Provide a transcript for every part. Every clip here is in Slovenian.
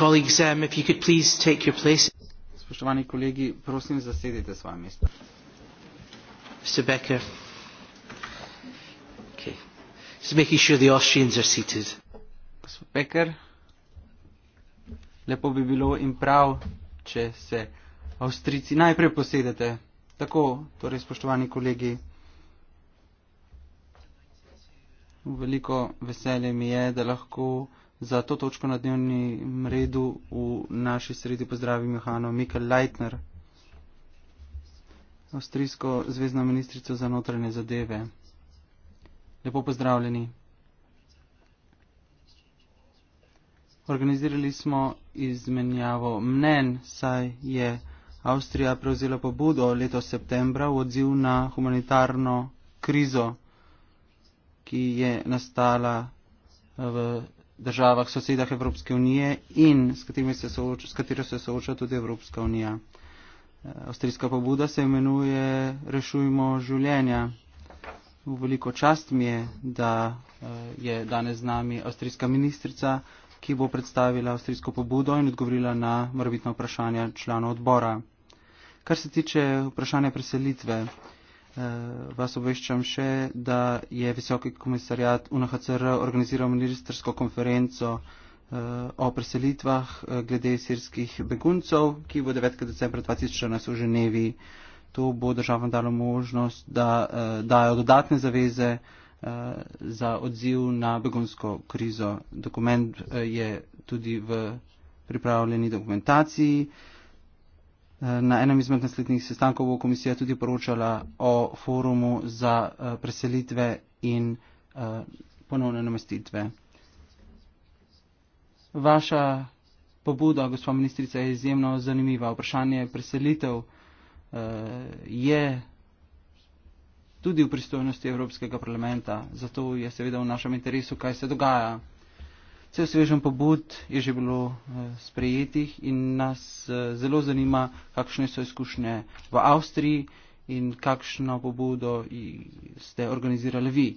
colleagues, um, if you could please take your place. Spoštovani kolegi, prosim, zasedite svoje mesto. Mr. Becker. Okay. Just making sure the Austrians are seated. Gospod Becker, lepo bi bilo in prav, če se Avstrici najprej posedete. Tako, torej, spoštovani kolegi, veliko veselje mi je, da lahko za to točko na dnevnem redu v naši sredi pozdravim Johano Mikel Leitner, avstrijsko zvezdno ministrico za notranje zadeve. Lepo pozdravljeni. Organizirali smo izmenjavo mnen, saj je Avstrija prevzela pobudo leto septembra v odziv na humanitarno krizo, ki je nastala v državah, sosedah Evropske unije in s, se sooča, s katero se sooča tudi Evropska unija. Eh, avstrijska pobuda se imenuje Rešujmo življenja. Veliko čast mi je, da eh, je danes z nami avstrijska ministrica, ki bo predstavila avstrijsko pobudo in odgovorila na morbitno vprašanje članov odbora. Kar se tiče vprašanja preselitve, Eh, vas obveščam še, da je Visoki komisarjat UNHCR organiziral ministersko konferenco eh, o preselitvah eh, glede sirskih beguncov, ki bo 9. decembra 2014 v Ženevi. To bo državam dalo možnost, da dajo dodatne zaveze za odziv na begunsko krizo. Dokument je tudi v pripravljeni dokumentaciji. Eh, na enem izmed naslednjih sestankov bo komisija tudi poročala o forumu za eh, preselitve in eh, ponovne namestitve. Vaša pobuda, gospod ministrica, je izjemno zanimiva. Vprašanje preselitev je tudi v pristojnosti Evropskega parlamenta, zato je seveda v našem interesu, kaj se dogaja. Vse osvežen pobud je že bilo eh, sprejetih in nas eh, zelo zanima, kakšne so izkušnje v Avstriji in kakšno pobudo ste organizirali vi.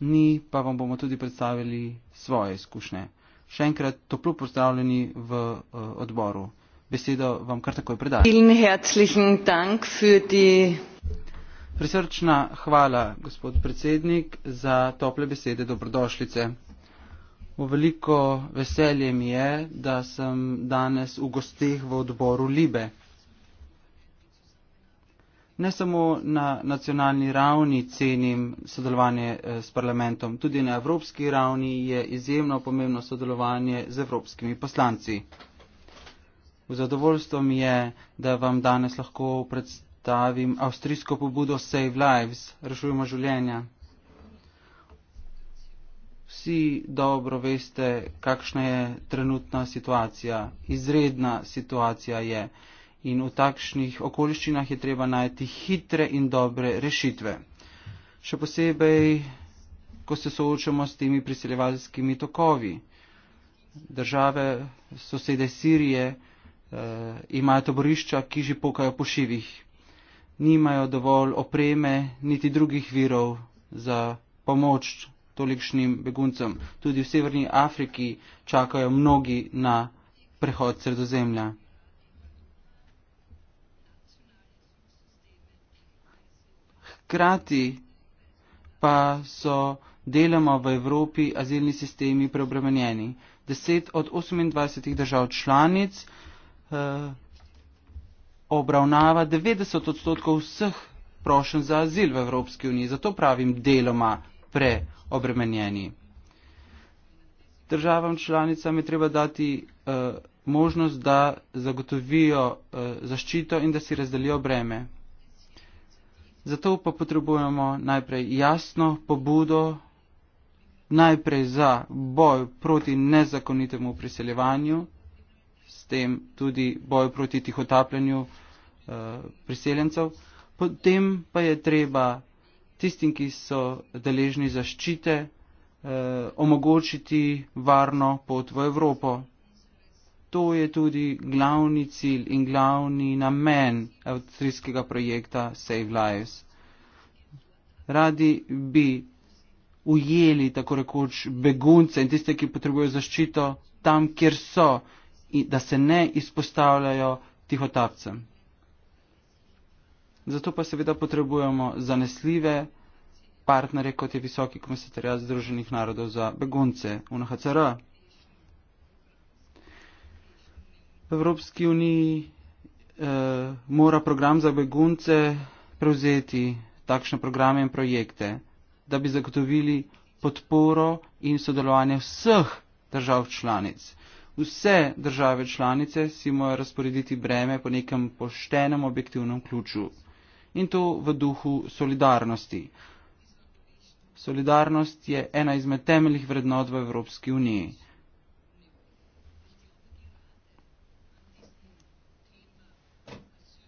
Mi pa vam bomo tudi predstavili svoje izkušnje. Še enkrat toplo pozdravljeni v eh, odboru. Besedo vam kar takoj predajam. Prisrčna hvala, gospod predsednik, za tople besede dobrodošlice. Veliko veselje mi je, da sem danes v gosteh v odboru Libe. Ne samo na nacionalni ravni cenim sodelovanje eh, s parlamentom, tudi na evropski ravni je izjemno pomembno sodelovanje z evropskimi poslanci. V zadovoljstvo mi je, da vam danes lahko predstavim avstrijsko pobudo Save Lives, rešujemo življenja vsi dobro veste, kakšna je trenutna situacija. Izredna situacija je in v takšnih okoliščinah je treba najti hitre in dobre rešitve. Še posebej, ko se soočamo s temi priseljevalskimi tokovi. Države, sosede Sirije eh, imajo taborišča, ki že pokajo po šivih. Nimajo dovolj opreme, niti drugih virov za pomoč tolikšnim beguncem. Tudi v Severni Afriki čakajo mnogi na prehod sredozemlja. Hkrati pa so deloma v Evropi azilni sistemi preobremenjeni. 10 od 28 držav članic eh, obravnava 90 odstotkov vseh prošen za azil v Evropski uniji. Zato pravim deloma preobremenjeni obremenjeni. Državam članicam je treba dati uh, možnost, da zagotovijo uh, zaščito in da si razdelijo breme. Zato pa potrebujemo najprej jasno pobudo, najprej za boj proti nezakonitemu priseljevanju, s tem tudi boj proti tihotapljanju uh, eh, priseljencev, potem pa je treba tistim, ki so deležni zaščite, eh, omogočiti varno pot v Evropo. To je tudi glavni cilj in glavni namen avstrijskega projekta Save Lives. Radi bi ujeli tako rekoč begunce in tiste, ki potrebujejo zaščito tam, kjer so, in da se ne izpostavljajo tihotapcem. Zato pa seveda potrebujemo zanesljive partnerje, kot je Visoki komisarijat Združenih narodov za begunce, UNHCR. V Evropski uniji eh, mora program za begunce prevzeti takšne programe in projekte, da bi zagotovili podporo in sodelovanje vseh držav članic. Vse države članice si morajo razporediti breme po nekem poštenem objektivnem ključu in to v duhu solidarnosti. Solidarnost je ena izmed temeljih vrednot v Evropski uniji.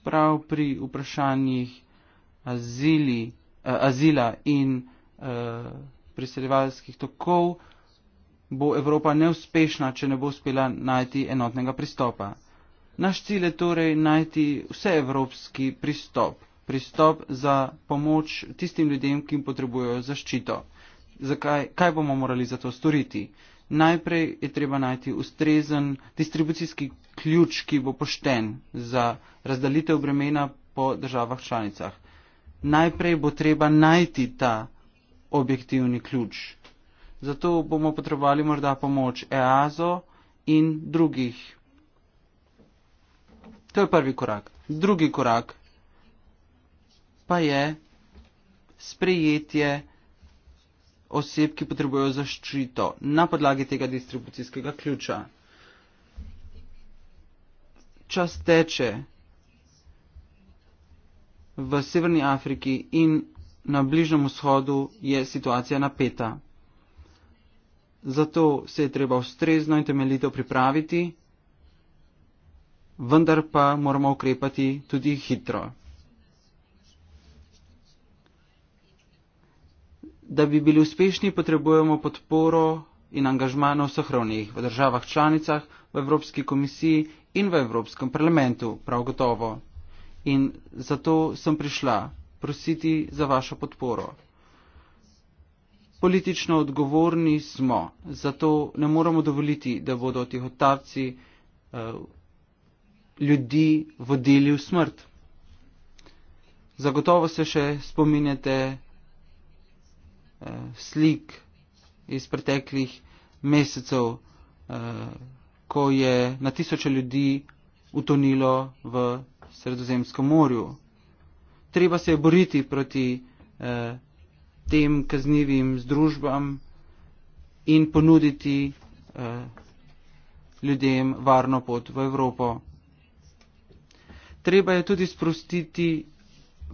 Prav pri vprašanjih azili, eh, azila in uh, priseljevalskih tokov bo Evropa neuspešna, če ne bo uspela najti enotnega pristopa. Naš cilj je torej najti vseevropski pristop pristop za pomoč tistim ljudem, ki jim potrebujejo zaščito. Zakaj, kaj bomo morali za to storiti? Najprej je treba najti ustrezen distribucijski ključ, ki bo pošten za razdalitev bremena po državah članicah. Najprej bo treba najti ta objektivni ključ. Zato bomo potrebovali morda pomoč EASO in drugih. To je prvi korak. Drugi korak pa je sprejetje oseb, ki potrebujejo zaščito na podlagi tega distribucijskega ključa. Čas teče v Severni Afriki in na Bližnjem vzhodu je situacija napeta. Zato se je treba ustrezno in temeljito pripraviti, vendar pa moramo ukrepati tudi hitro. da bi bili uspešni, potrebujemo podporo in angažma na vseh ravneh, v državah članicah, v Evropski komisiji in v Evropskem parlamentu, prav gotovo. In zato sem prišla prositi za vašo podporo. Politično odgovorni smo, zato ne moramo dovoliti, da bodo tihotavci eh, ljudi vodili v smrt. Zagotovo se še spominjate eh, slik iz preteklih mesecev, eh, ko je na tisoče ljudi utonilo v Sredozemskem morju. Treba se je boriti proti eh, tem kaznivim združbam in ponuditi eh, ljudem varno pot v Evropo. Treba je tudi sprostiti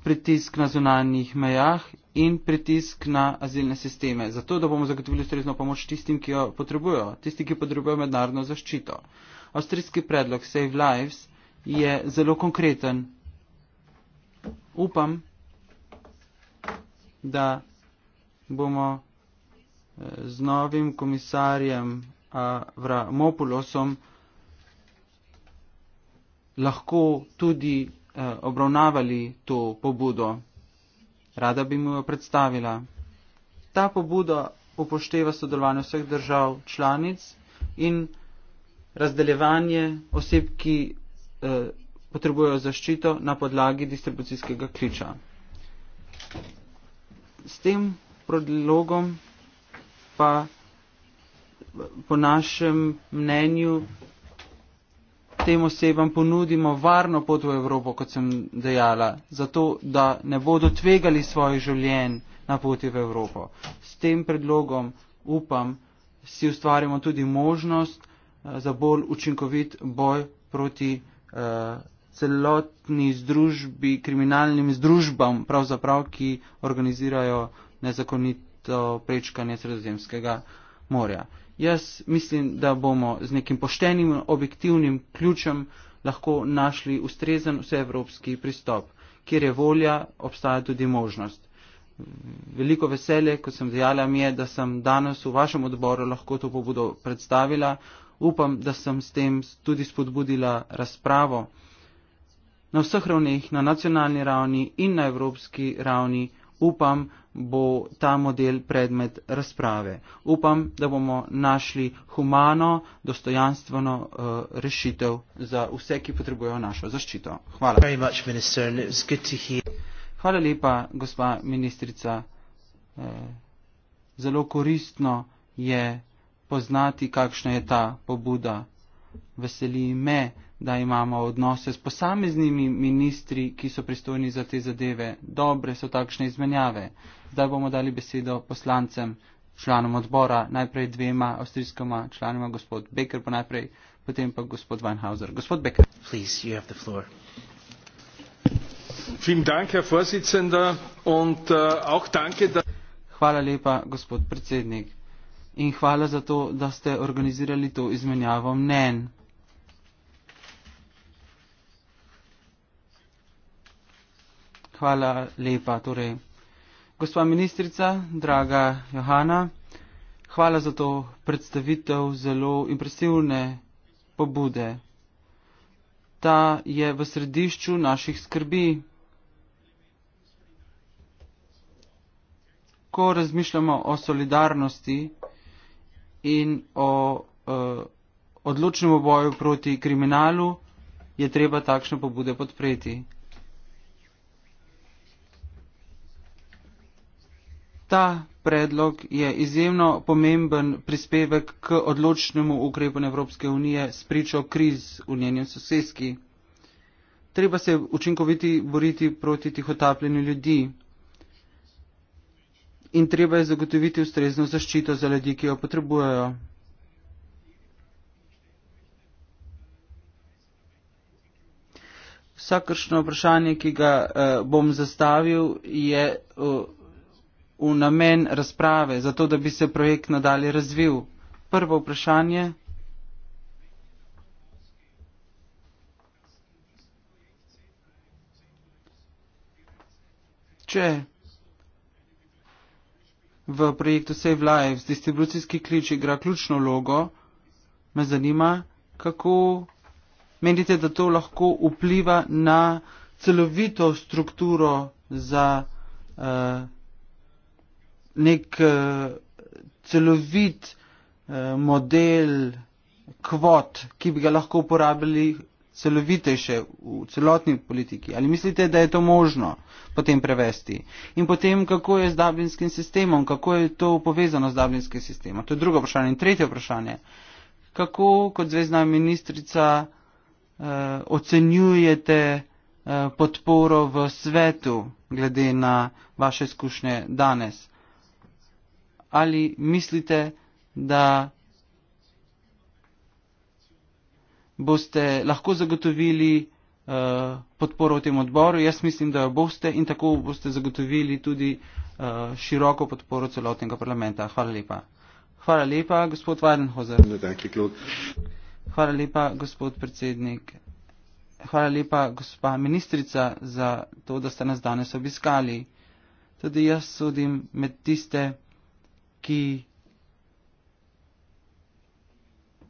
pritisk na zunanjih mejah in pritisk na azilne sisteme, zato da bomo zagotovili ustrezno pomoč tistim, ki jo potrebujo, tisti, ki potrebujo mednarodno zaščito. Avstrijski predlog Save Lives je zelo konkreten. Upam, da bomo eh, z novim komisarjem Avramopulosom lahko tudi Eh, obravnavali to pobudo. Rada bi mu jo predstavila. Ta pobuda upošteva sodelovanje vseh držav članic in razdeljevanje oseb, ki eh, potrebujejo zaščito na podlagi distribucijskega ključa. S tem predlogom pa po našem mnenju tem osebam ponudimo varno pot v Evropo, kot sem dejala, zato da ne bodo tvegali svoje življenje na poti v Evropo. S tem predlogom upam, si ustvarimo tudi možnost eh, za bolj učinkovit boj proti eh, celotni združbi, kriminalnim združbam, pravzaprav, ki organizirajo nezakonito prečkanje sredozemskega morja. Jaz mislim, da bomo z nekim poštenim, objektivnim ključem lahko našli ustrezen vseevropski pristop, kjer je volja, obstaja tudi možnost. Veliko veselje, kot sem dejala, mi je, da sem danes v vašem odboru lahko to pobudo predstavila. Upam, da sem s tem tudi spodbudila razpravo na vseh ravneh, na nacionalni ravni in na evropski ravni upam, bo ta model predmet razprave. Upam, da bomo našli humano, dostojanstveno uh, rešitev za vse, ki potrebujejo našo zaščito. Hvala. Much, minister, Hvala lepa, gospa ministrica. Eh, zelo koristno je poznati, kakšna je ta pobuda. Veseli me, da imamo odnose s posameznimi ministri, ki so pristojni za te zadeve. Dobre so takšne izmenjave. Zdaj bomo dali besedo poslancem, članom odbora, najprej dvema avstrijskoma članoma, gospod Becker, pa najprej, potem pa gospod Weinhauser. Gospod Becker. Please, you have the floor. Äh, hvala lepa, gospod predsednik. In hvala za to, da ste organizirali to izmenjavo mnen. Hvala lepa. Torej, gospa ministrica, draga Johana, hvala za to predstavitev zelo impresivne pobude. Ta je v središču naših skrbi. Ko razmišljamo o solidarnosti in o eh, odločnem boju proti kriminalu, je treba takšne pobude podpreti. Ta predlog je izjemno pomemben prispevek k odločnemu ukrepanju Evropske unije s pričo kriz v njenem sosedski. Treba se učinkoviti boriti proti tihotapljenju ljudi in treba je zagotoviti ustrezno zaščito za ljudi, ki jo potrebujejo. Vsakršno vprašanje, ki ga uh, bom zastavil, je. Uh, v namen razprave, zato da bi se projekt nadalje razvil. Prvo vprašanje. Če v projektu Save Lives distribucijski klič igra ključno logo, me zanima, kako menite, da to lahko vpliva na celovito strukturo za. Uh, nek uh, celovit uh, model kvot, ki bi ga lahko uporabili celovitejše v celotni politiki. Ali mislite, da je to možno potem prevesti? In potem, kako je z dublinskim sistemom, kako je to povezano z dublinskim sistemom? To je drugo vprašanje. In tretje vprašanje. Kako kot zvezdna ministrica eh, ocenjujete eh, podporo v svetu glede na vaše izkušnje danes? ali mislite, da boste lahko zagotovili uh, podporo v tem odboru? Jaz mislim, da jo boste in tako boste zagotovili tudi uh, široko podporo celotnega parlamenta. Hvala lepa. Hvala lepa, gospod Weidenhozer. No, Hvala lepa, gospod predsednik. Hvala lepa, gospa ministrica, za to, da ste nas danes obiskali. Tudi jaz sodim med tiste, ki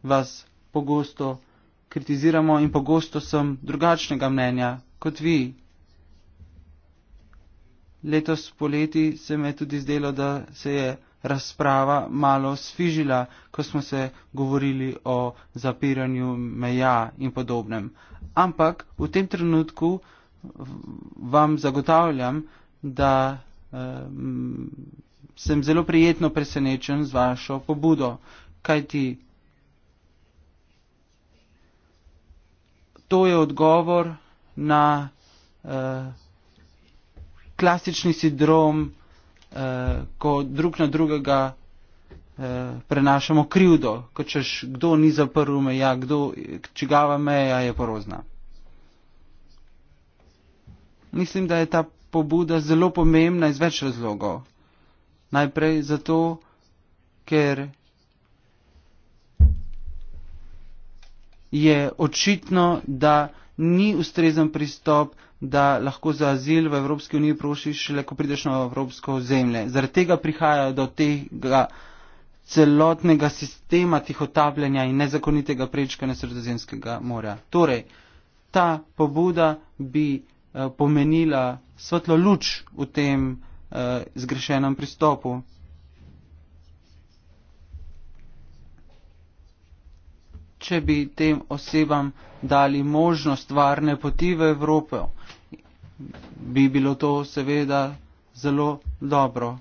vas pogosto kritiziramo in pogosto sem drugačnega mnenja kot vi. Letos poleti se mi je tudi zdelo, da se je razprava malo sfižila, ko smo se govorili o zapiranju meja in podobnem. Ampak v tem trenutku vam zagotavljam, da um, sem zelo prijetno presenečen z vašo pobudo, kajti to je odgovor na eh, klasični sindrom, eh, ko drug na drugega eh, prenašamo krivdo, ko češ, kdo ni zaprl meja, kdo, čigava meja je porozna. Mislim, da je ta pobuda zelo pomembna iz več razlogov. Najprej zato, ker je očitno, da ni ustrezen pristop, da lahko za azil v Evropski uniji prošiš šele, ko prideš na Evropsko zemlje. Zaradi tega prihaja do tega celotnega sistema tihotapljanja in nezakonitega prečkanja sredozemskega morja. Torej, ta pobuda bi eh, pomenila svetlo luč v tem uh, zgrešenem pristopu. Če bi tem osebam dali možnost varne poti v Evropo, bi bilo to seveda zelo dobro.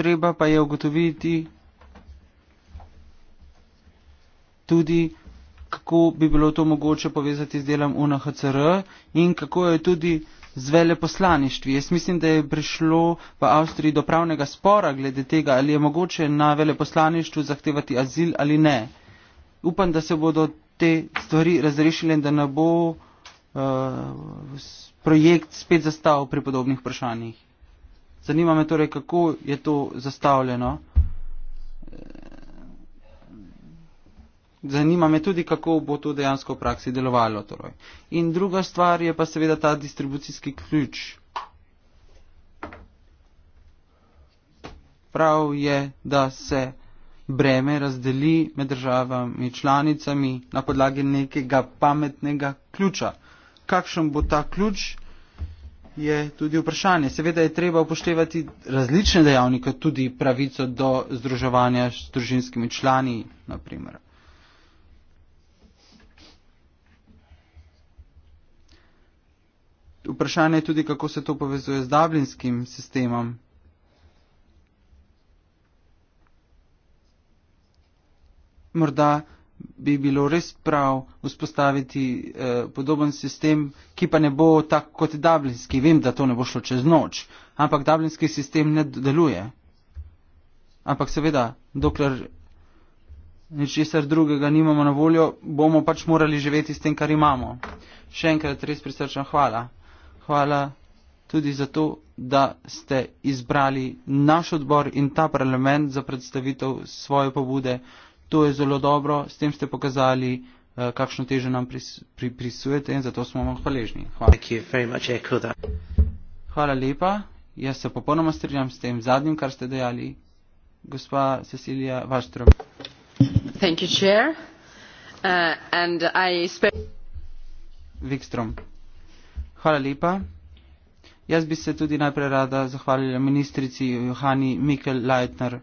Treba pa je ugotoviti, tudi, kako bi bilo to mogoče povezati z delom UNHCR in kako je tudi z veleposlaništvi. Jaz mislim, da je prišlo v Avstriji do pravnega spora glede tega, ali je mogoče na veleposlaništvu zahtevati azil ali ne. Upam, da se bodo te stvari razrešile in da ne bo uh, projekt spet zastavil pri podobnih vprašanjih. Zanima me torej, kako je to zastavljeno. Zanima me tudi, kako bo to dejansko v praksi delovalo. Torej. In druga stvar je pa seveda ta distribucijski ključ. Prav je, da se breme razdeli med državami članicami na podlagi nekega pametnega ključa. Kakšen bo ta ključ? Je tudi vprašanje. Seveda je treba upoštevati različne dejavnike, tudi pravico do združevanja s družinskimi člani, naprimer. vprašanje je tudi, kako se to povezuje z dablinskim sistemom. Morda bi bilo res prav vzpostaviti eh, podoben sistem, ki pa ne bo tak kot dablinski. Vem, da to ne bo šlo čez noč, ampak dablinski sistem ne deluje. Ampak seveda, dokler ničesar drugega nimamo na voljo, bomo pač morali živeti s tem, kar imamo. Še enkrat res prisrčna hvala hvala tudi za to, da ste izbrali naš odbor in ta parlament za predstavitev svoje pobude. To je zelo dobro, s tem ste pokazali, eh, kakšno težo nam pripisujete in zato smo vam hvaležni. Hvala. hvala lepa. Jaz se popolnoma strinjam s tem zadnjim, kar ste dejali. Gospa Cecilija Vaštrom. Uh, Vikstrom. Hvala lepa. Jaz bi se tudi najprej rada zahvalila ministrici Johani Mikel Leitner.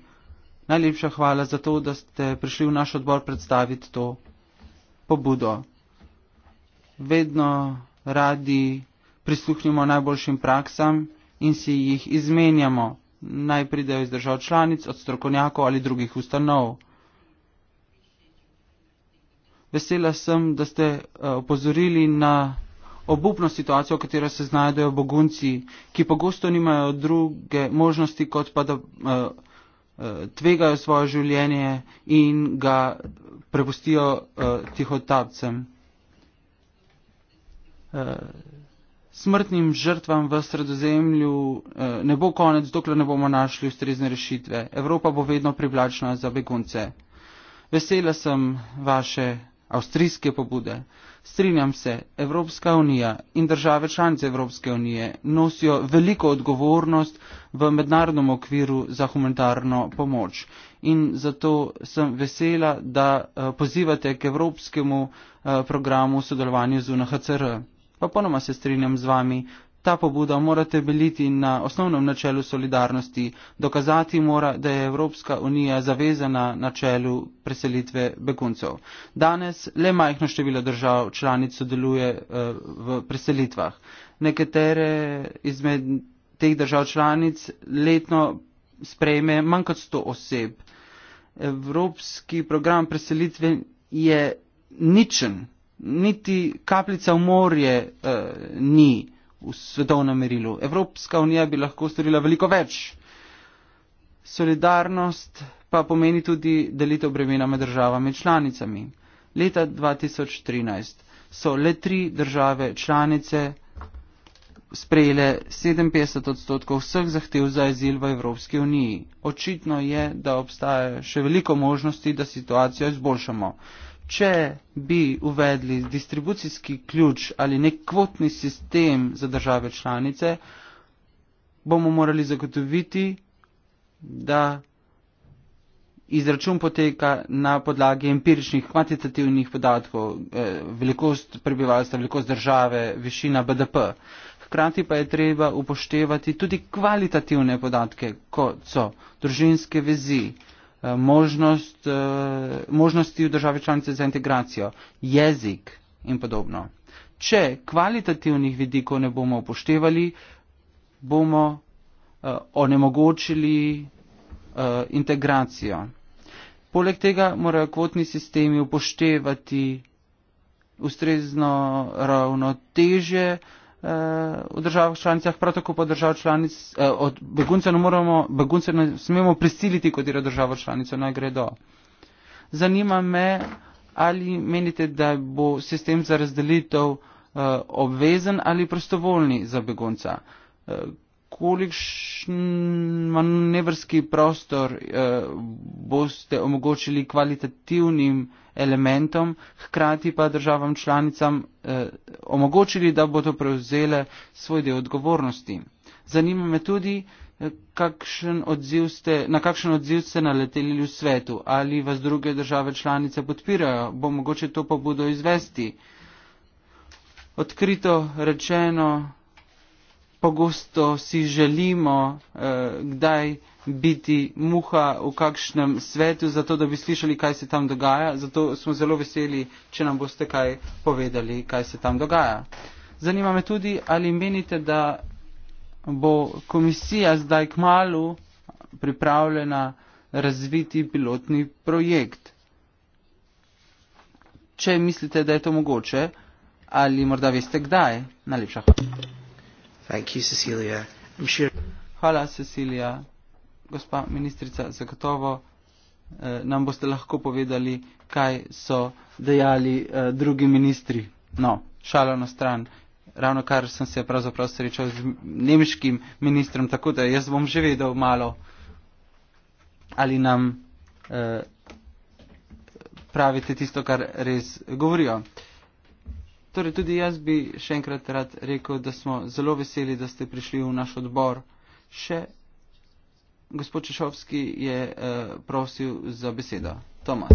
Najlepša hvala za to, da ste prišli v naš odbor predstaviti to pobudo. Vedno radi prisluhnimo najboljšim praksam in si jih izmenjamo. Naj pridejo iz držav članic, od strokovnjakov ali drugih ustanov. Vesela sem, da ste eh, opozorili na obupno situacijo, v katero se znajdejo bogunci, ki pogosto nimajo druge možnosti, kot pa da eh, eh, tvegajo svoje življenje in ga prepustijo eh, tihotapcem. Smrtnim žrtvam v sredozemlju ne bo konec, dokler ne bomo našli ustrezne rešitve. Evropa bo vedno privlačna za begunce. Vesela sem vaše avstrijske pobude. Strinjam se, Evropska unija in države članice Evropske unije nosijo veliko odgovornost v mednarodnem okviru za humanitarno pomoč. In zato sem vesela, da eh, pozivate k evropskemu eh, programu sodelovanju z UNHCR. Pa ponoma se strinjam z vami, ta pobuda mora temeljiti na osnovnem načelu solidarnosti, dokazati mora, da je Evropska unija zavezana načelu preselitve beguncev. Danes le majhno število držav članic sodeluje eh, v preselitvah. Nekatere izmed teh držav članic letno sprejme manj kot 100 oseb. Evropski program preselitve je ničen, niti kapljica v morje uh, ni v svetovnem merilu. Evropska unija bi lahko storila veliko več. Solidarnost pa pomeni tudi delitev bremena med državami članicami. Leta 2013 so le tri države članice sprejele 57 odstotkov vseh zahtev za azil v Evropski uniji. Očitno je, da obstaja še veliko možnosti, da situacijo izboljšamo če bi uvedli distribucijski ključ ali nek kvotni sistem za države članice, bomo morali zagotoviti, da izračun poteka na podlagi empiričnih kvantitativnih podatkov, eh, velikost prebivalstva, velikost države, višina BDP. Hkrati pa je treba upoštevati tudi kvalitativne podatke, kot so družinske vezi, Eh, možnost, eh, možnosti v državi članice za integracijo, jezik in podobno. Če kvalitativnih vidikov ne bomo upoštevali, bomo eh, onemogočili integracijo. Poleg tega morajo kvotni sistemi upoštevati ustrezno ravnotežje, v državah članicah, prav tako pa držav članic, eh, od begunce ne moramo, begunce ne smemo prisiliti, kot je država članica, naj gredo. Zanima me, ali menite, da bo sistem za razdelitev eh, obvezen ali prostovoljni za begunca. Eh, kolikšen manevrski prostor eh, boste omogočili kvalitativnim elementom, hkrati pa državam članicam eh, omogočili, da bodo prevzele svoj del odgovornosti. Zanima me tudi, eh, kakšen ste, na kakšen odziv ste naleteli v svetu, ali vas druge države članice podpirajo, bo mogoče to pa bodo izvesti. Odkrito rečeno, pogosto si želimo eh, kdaj biti muha v kakšnem svetu, zato da bi slišali, kaj se tam dogaja. Zato smo zelo veseli, če nam boste kaj povedali, kaj se tam dogaja. Zanima me tudi, ali menite, da bo komisija zdaj k malu pripravljena razviti pilotni projekt. Če mislite, da je to mogoče, ali morda veste kdaj, najlepša hvala. Thank you, Cecilia. I'm sure... Hvala, Cecilija. Gospa ministrica, zagotovo eh, nam boste lahko povedali, kaj so dejali eh, drugi ministri. No, šalo na stran. Ravno kar sem se pravzaprav srečal z nemškim ministrom, tako da jaz bom že vedel malo, ali nam eh, pravite tisto, kar res govorijo. Eh, Torej, tudi jaz bi še enkrat rad rekel, da smo zelo veseli, da ste prišli v naš odbor. Še gospod Češovski je uh, prosil za besedo. Tomas.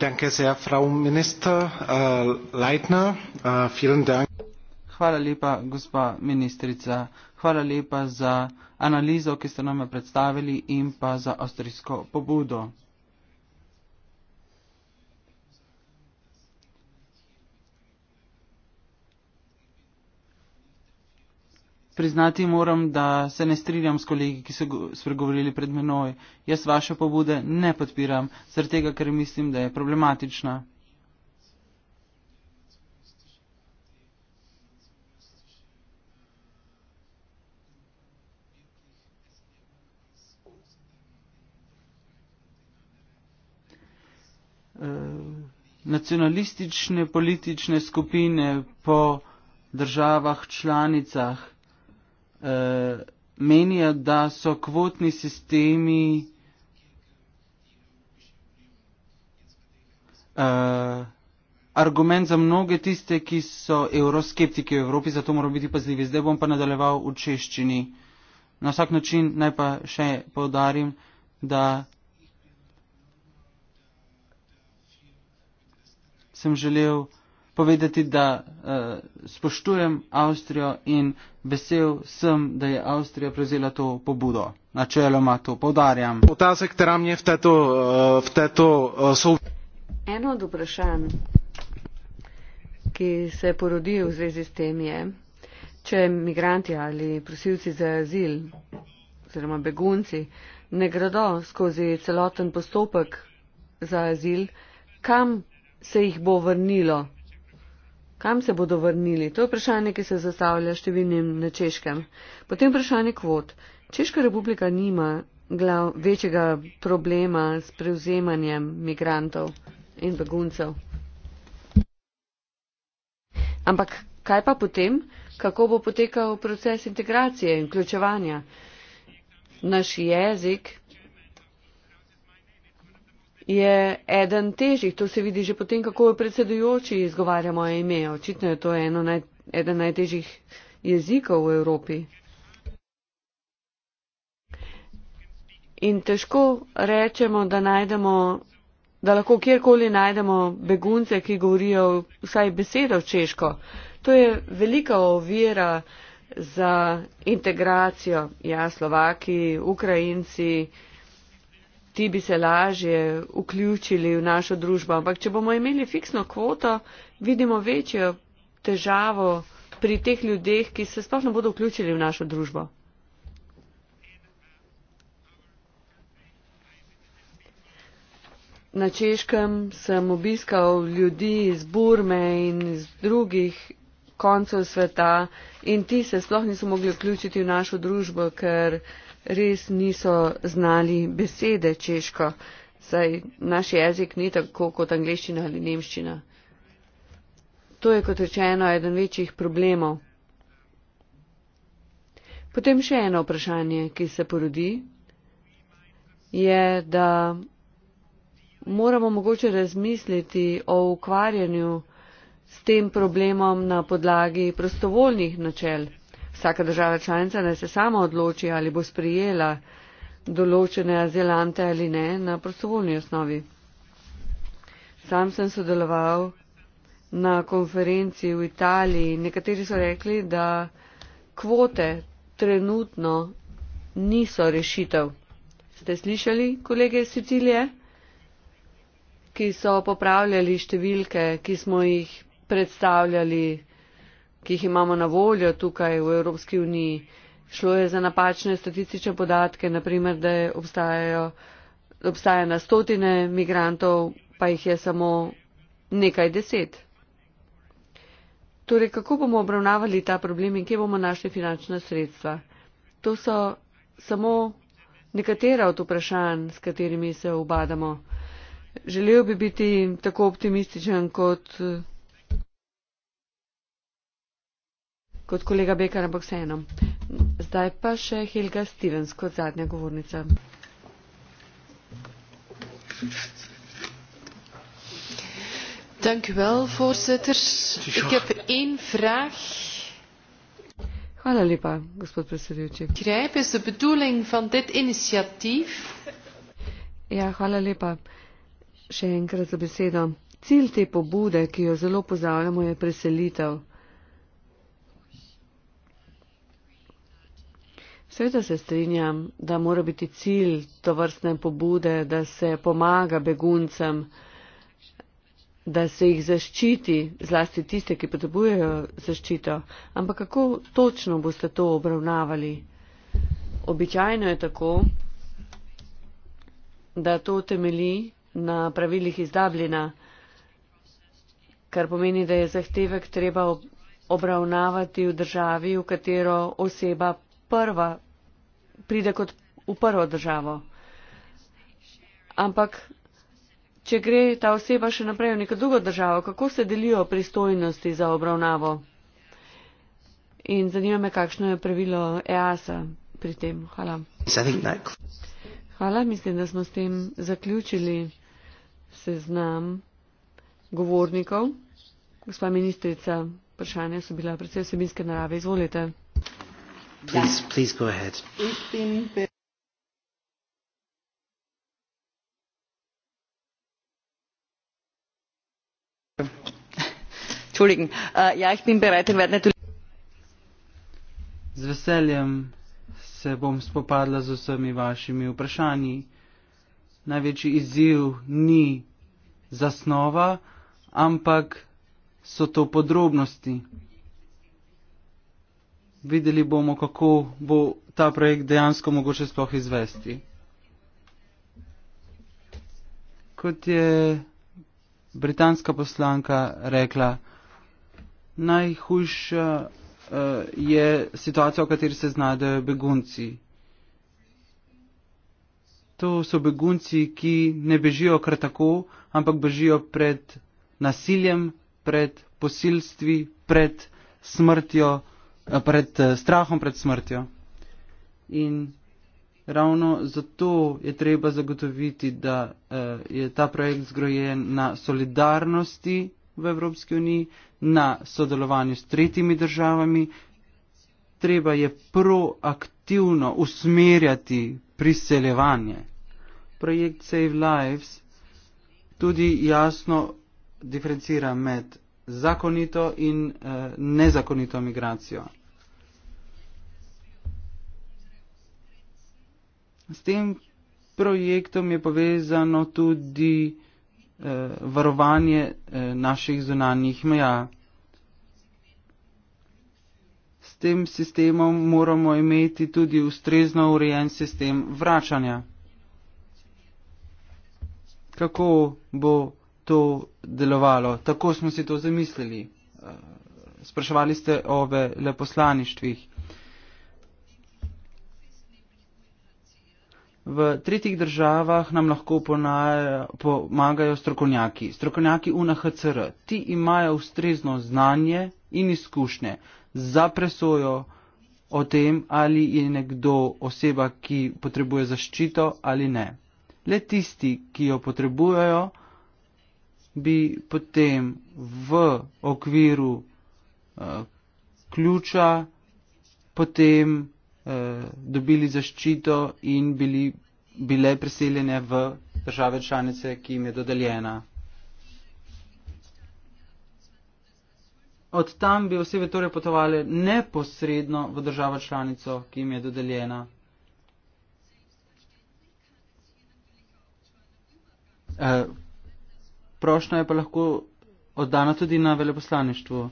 Danke sehr, Frau Minister uh, Leitner. Uh, vielen Dank. Hvala lepa, gospa ministrica. Hvala lepa za analizo, ki ste nam jo predstavili in pa za avstrijsko pobudo. priznati moram, da se ne strinjam s kolegi, ki so spregovorili pred menoj. Jaz vaše pobude ne podpiram, zaradi tega, ker mislim, da je problematična. Eh, nacionalistične politične skupine po državah članicah Eh, menijo, da so kvotni sistemi uh, argument za mnoge tiste, ki so euroskeptiki v Evropi, zato moramo biti pazljivi. Zdaj bom pa nadaljeval v češčini. Na vsak način naj pa še povdarim, da sem želel povedati, da uh, spoštujem Avstrijo in vesel sem, da je Avstrija prevzela to pobudo. Načeloma to povdarjam. Otazek, v teto, eh, v teto, uh, eh, sov... Eno od vprašanj, ki se je porodil v zvezi s tem, je, če imigranti ali prosilci za azil oziroma begunci ne gredo skozi celoten postopek za azil, kam se jih bo vrnilo? kam se bodo vrnili, to je vprašanje, ki se zastavlja številnim na češkem. Potem vprašanje kvot. Češka republika nima glav, večjega problema s prevzemanjem migrantov in beguncev. Ampak kaj pa potem, kako bo potekal proces integracije in vključevanja? Naš jezik, je eden težjih. To se vidi že potem, kako je predsedujoči izgovarja moje ime. Očitno je to naj, eden najtežjih jezikov v Evropi. In težko rečemo, da, najdemo, da lahko kjerkoli najdemo begunce, ki govorijo vsaj besedo češko. To je velika ovira za integracijo. Ja, Slovaki, Ukrajinci, uh, ti bi se lažje vključili v našo družbo. Ampak, če bomo imeli fiksno kvoto, vidimo večjo težavo pri teh ljudeh, ki se sploh ne bodo vključili v našo družbo. Na Češkem sem obiskal ljudi iz Burme in iz drugih koncev sveta in ti se sploh niso mogli vključiti v našo družbo, ker res niso znali besede češko, saj naš jezik ni tako kot angliščina ali nemščina. To je, kot rečeno, eden večjih problemov. Potem še eno vprašanje, ki se porodi, je, da moramo mogoče razmisliti o ukvarjanju s tem problemom na podlagi prostovoljnih načel vsaka država članica naj se sama odloči, ali bo sprijela določene azilante ali ne na prostovoljni osnovi. Sam sem sodeloval na konferenci v Italiji. Nekateri so rekli, da kvote trenutno niso rešitev. Ste slišali kolege iz Sicilije, ki so popravljali številke, ki smo jih predstavljali ki jih imamo na voljo tukaj v Evropski uniji. Šlo je za napačne statistične podatke, naprimer, da obstaja na stotine migrantov, pa jih je samo nekaj deset. Torej, kako bomo obravnavali ta problem in kje bomo našli finančna sredstva? To so samo nekatera od vprašanj, s katerimi se obadamo. Želel bi biti tako optimističen kot kot kolega Bekar, ampak vseeno. Zdaj pa še Helga Stevens kot zadnja govornica. Dank u wel, voorzitter. Ik heb één vraag. Hvala lepa, gospod predsedujoči. Grijp is de bedoeling van dit initiatief. Ja, hvala lepa. Še enkrat za besedo. Cilj te pobude, ki jo zelo pozdravljamo, je preselitev. Sveda se strinjam, da mora biti cilj to vrstne pobude, da se pomaga beguncem, da se jih zaščiti, zlasti tiste, ki potrebujejo zaščito. Ampak kako točno boste to obravnavali? Običajno je tako, da to temeli na pravilih iz Dublina, kar pomeni, da je zahtevek treba obravnavati v državi, v katero oseba prva, pride kot v prvo državo. Ampak, če gre ta oseba še naprej v neko drugo državo, kako se delijo pristojnosti za obravnavo? In zanima me, kakšno je pravilo EASA pri tem. Hvala. Hvala, mislim, da smo s tem zaključili seznam govornikov. Gospa ministrica, vprašanja so bila predvsej vsebinske narave. Izvolite. Please, ja. please go ahead. Ich bin Entschuldigen. Uh, ja, ich bin bereit und werde natürlich. Z veseljem se bom spopadla z vsemi vašimi vprašanji. Največji izziv ni zasnova, ampak so to podrobnosti videli bomo, kako bo ta projekt dejansko mogoče sploh izvesti. Kot je britanska poslanka rekla, najhujša uh, je situacija, v kateri se znajdejo begunci. To so begunci, ki ne bežijo kar tako, ampak bežijo pred nasiljem, pred posilstvi, pred smrtjo. Eh, pred eh, strahom, pred smrtjo. In ravno zato je treba zagotoviti, da uh, je ta projekt zgrojen na solidarnosti v Evropski uniji, na sodelovanju s tretjimi državami. Treba je proaktivno usmerjati priseljevanje. Projekt Save Lives tudi jasno diferencira med zakonito in eh, nezakonito migracijo. S tem projektom je povezano tudi eh, varovanje eh, naših zunanjih meja. S tem sistemom moramo imeti tudi ustrezno urejen sistem vračanja. Kako bo to delovalo. Tako smo si to zamislili. Eh, spraševali ste o veleposlaništvih. V tretjih državah nam lahko pomagajo strokovnjaki, strokovnjaki UNHCR. Ti imajo ustrezno znanje in izkušnje za presojo o tem, ali je nekdo oseba, ki potrebuje zaščito ali ne. Le tisti, ki jo potrebujejo, bi potem v okviru uh, ključa potem uh, dobili zaščito in bili, bile preseljene v države članice, ki jim je dodeljena. Od tam bi osebe torej potovali neposredno v državo članico, ki jim je dodeljena. Uh, prošnja je pa lahko oddana tudi na veleposlaništvu.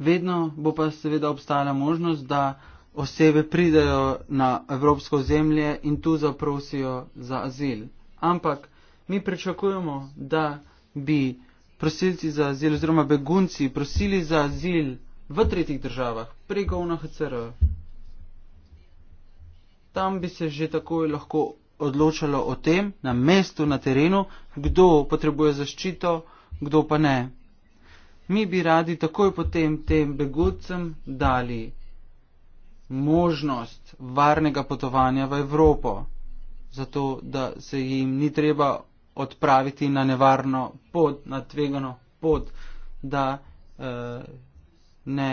Vedno bo pa seveda obstajala možnost, da osebe pridejo na evropsko zemlje in tu zaprosijo za azil. Ampak mi pričakujemo, da bi prosilci za azil oziroma begunci prosili za azil v tretjih državah preko UNHCR. Tam bi se že takoj lahko odločalo o tem, na mestu, na terenu, kdo potrebuje zaščito, kdo pa ne. Mi bi radi takoj potem tem beguncem dali možnost varnega potovanja v Evropo, zato da se jim ni treba odpraviti na nevarno pot, na tvegano pot, da eh, ne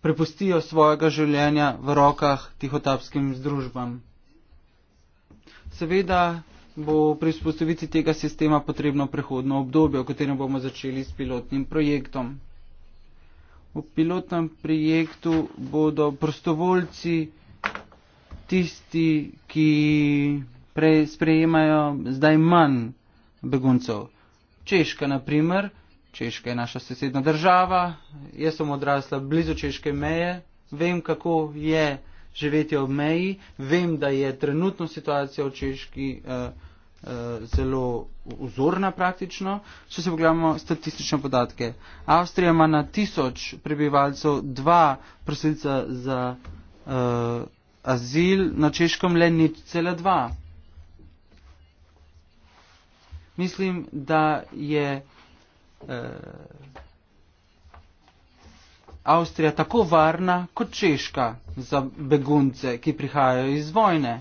prepustijo svojega življenja v rokah tihotapskim združbam. Seveda bo pri vzpostavitvi tega sistema potrebno prehodno obdobje, v katerem bomo začeli s pilotnim projektom. V pilotnem projektu bodo prostovoljci tisti, ki sprejemajo zdaj manj beguncev. Češka, na primer, Češka je naša sosedna država, jaz sem odrasla blizu češke meje, vem, kako je živeti ob meji. Vem, da je trenutno situacija v Češki uh, uh, zelo vzorna praktično. Če se pogledamo statistične podatke, Avstrija ima na tisoč prebivalcev dva prosilca za uh, azil, na Češkem le nič cela dva. Mislim, da je. Uh, Avstrija tako varna kot Češka za begunce, ki prihajajo iz vojne.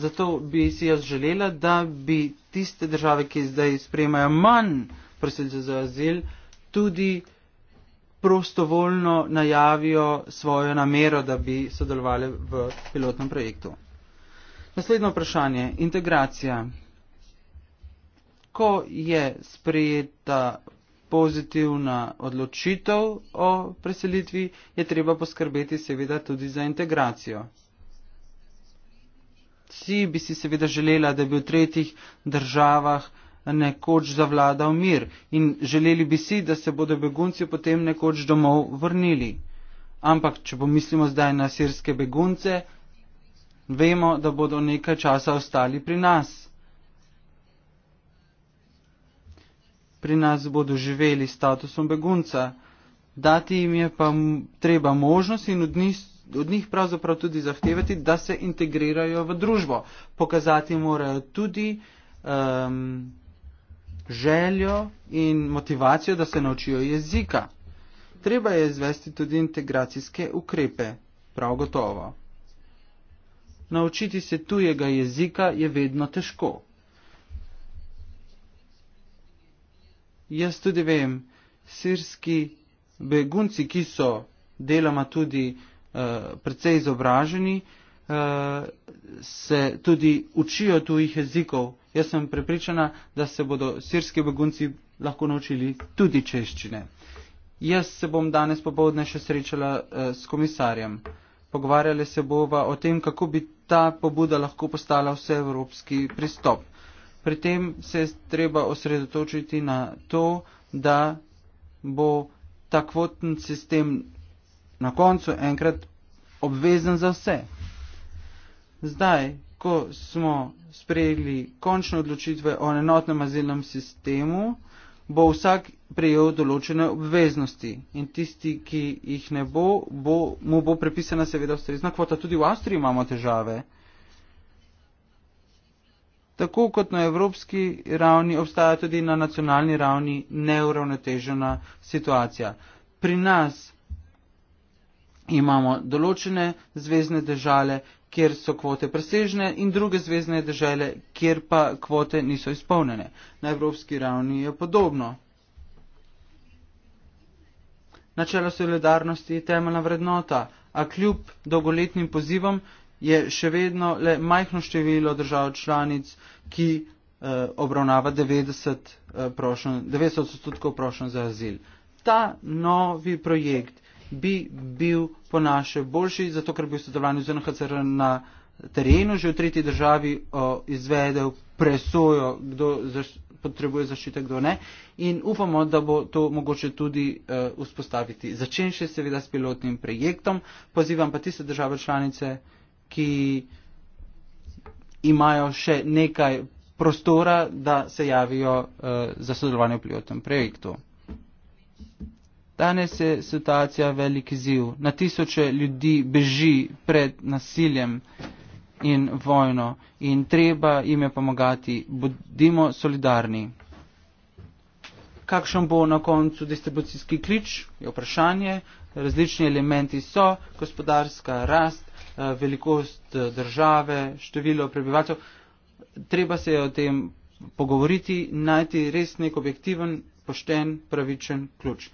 Zato bi si jaz želela, da bi tiste države, ki zdaj sprejemajo manj prosilcev za azil, tudi prostovoljno najavijo svojo namero, da bi sodelovali v pilotnem projektu. Naslednje vprašanje. Integracija. Ko je sprejeta pozitivna odločitev o preselitvi, je treba poskrbeti seveda tudi za integracijo. Vsi bi si seveda želela, da bi v tretjih državah nekoč zavladal mir in želeli bi si, da se bodo begunci potem nekoč domov vrnili. Ampak, če pomislimo zdaj na sirske begunce, vemo, da bodo nekaj časa ostali pri nas. pri nas bodo živeli statusom begunca. Dati jim je pa treba možnost in od njih, od njih pravzaprav tudi zahtevati, da se integrirajo v družbo. Pokazati morajo tudi um, željo in motivacijo, da se naučijo jezika. Treba je izvesti tudi integracijske ukrepe, prav gotovo. Naučiti se tujega jezika je vedno težko. jaz tudi vem, sirski begunci, ki so deloma tudi uh, precej izobraženi, uh, se tudi učijo tujih jezikov. Jaz sem prepričana, da se bodo sirski begunci lahko naučili tudi češčine. Jaz se bom danes popovdne še srečala uh, s komisarjem. Pogovarjali se bova o tem, kako bi ta pobuda lahko postala vseevropski pristop. Pri tem se je treba osredotočiti na to, da bo ta kvoten sistem na koncu enkrat obvezen za vse. Zdaj, ko smo sprejeli končne odločitve o enotnem azilnem sistemu, bo vsak prejel določene obveznosti in tisti, ki jih ne bo, bo mu bo prepisana seveda ustrezna kvota. Tudi v Avstriji imamo težave tako kot na evropski ravni, obstaja tudi na nacionalni ravni neuravnotežena situacija. Pri nas imamo določene zvezdne države, kjer so kvote presežne in druge zvezdne države, kjer pa kvote niso izpolnjene. Na evropski ravni je podobno. Načelo solidarnosti je temeljna vrednota, a kljub dolgoletnim pozivom je še vedno le majhno število držav članic, ki eh, obravnava 90, eh, prošen, 90 odstotkov prošen za azil. Ta novi projekt bi bil po naše boljši, zato ker bi v sodelovanju z NHCR na terenu že v tretji državi izvedel presojo, kdo zaš, potrebuje zaščite, kdo ne. In upamo, da bo to mogoče tudi uh, vzpostaviti. Začenši seveda s pilotnim projektom, pozivam pa tiste države članice, uh, ki imajo še nekaj prostora, da se javijo uh, za sodelovanje v pilotnem projektu. Danes je situacija velik izziv. Na tisoče ljudi beži pred nasiljem in vojno in treba jim je pomagati. Bodimo solidarni. Kakšen bo na koncu distribucijski klič? Je vprašanje. Različni elementi so gospodarska rast, Eh, velikost eh, države, število prebivalcev. Treba se je o tem pogovoriti, najti res nek objektiven, pošten, pravičen ključ.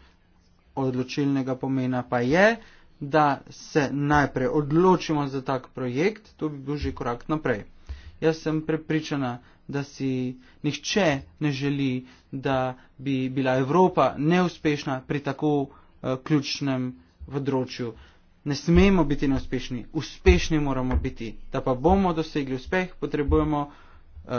Odločilnega pomena pa je, da se najprej odločimo za tak projekt, to bi bil že korak naprej. Jaz sem prepričana, da si nihče ne želi, da bi bila Evropa neuspešna pri tako uh, ključnem področju. Uh, ne smemo biti neuspešni, uspešni moramo biti. Da pa bomo dosegli uspeh, potrebujemo uh,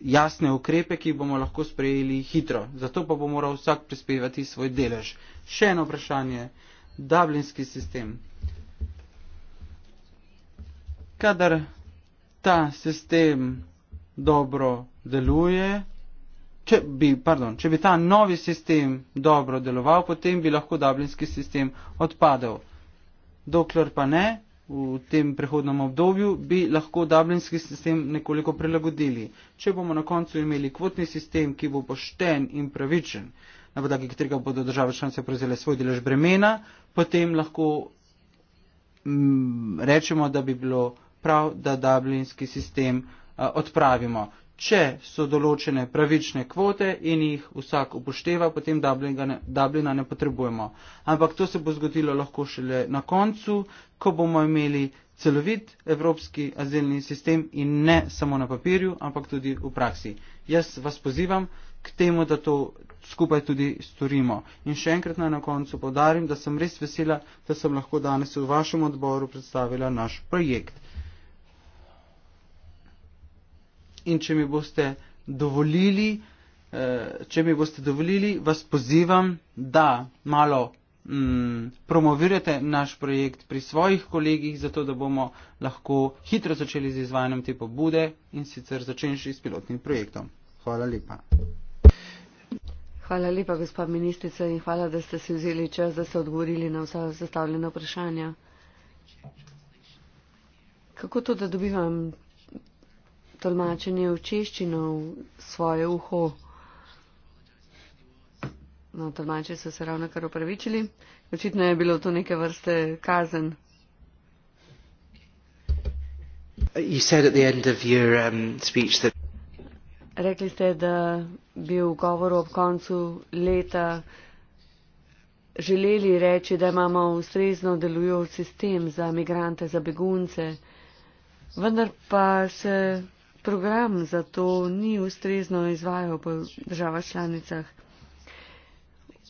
jasne ukrepe, ki bomo lahko sprejeli hitro. Zato pa bo moral vsak prispevati svoj delež. Še eno vprašanje. Dublinski sistem. Kadar ta sistem dobro deluje, če bi, pardon, če bi ta novi sistem dobro deloval, potem bi lahko Dublinski sistem odpadel dokler pa ne, v tem prehodnem obdobju, bi lahko dublinski sistem nekoliko prilagodili. Če bomo na koncu imeli kvotni sistem, ki bo pošten in pravičen, na podlagi katerega bodo države članice prevzele svoj delež bremena, potem lahko m, mm, rečemo, da bi bilo prav, da dublinski sistem a, odpravimo če so določene pravične kvote in jih vsak upošteva, potem Dublina ne, Dublina ne potrebujemo. Ampak to se bo zgodilo lahko šele na koncu, ko bomo imeli celovit evropski azilni sistem in ne samo na papirju, ampak tudi v praksi. Jaz vas pozivam k temu, da to skupaj tudi storimo. In še enkrat naj na koncu podarim, da sem res vesela, da sem lahko danes v vašem odboru predstavila naš projekt. in če mi boste dovolili, eh, če mi boste dovolili, vas pozivam, da malo mm, promovirate naš projekt pri svojih kolegih, zato da bomo lahko hitro začeli z izvajanjem te pobude in sicer začenši s pilotnim projektom. Hvala lepa. Hvala lepa, gospod ministrica, in hvala, da ste si vzeli čas, da ste odgovorili na vsa zastavljena vprašanja. Kako to, da dobivam tolmačenje v češčino v svoje uho. No, tolmači so se ravno kar upravičili. Očitno je bilo to neke vrste kazen. Your, um, that... Rekli ste, da bi v govoru ob koncu leta želeli reči, da imamo ustrezno delujoč sistem za migrante, za begunce. Vendar pa se program za to ni ustrezno izvajal po državah članicah.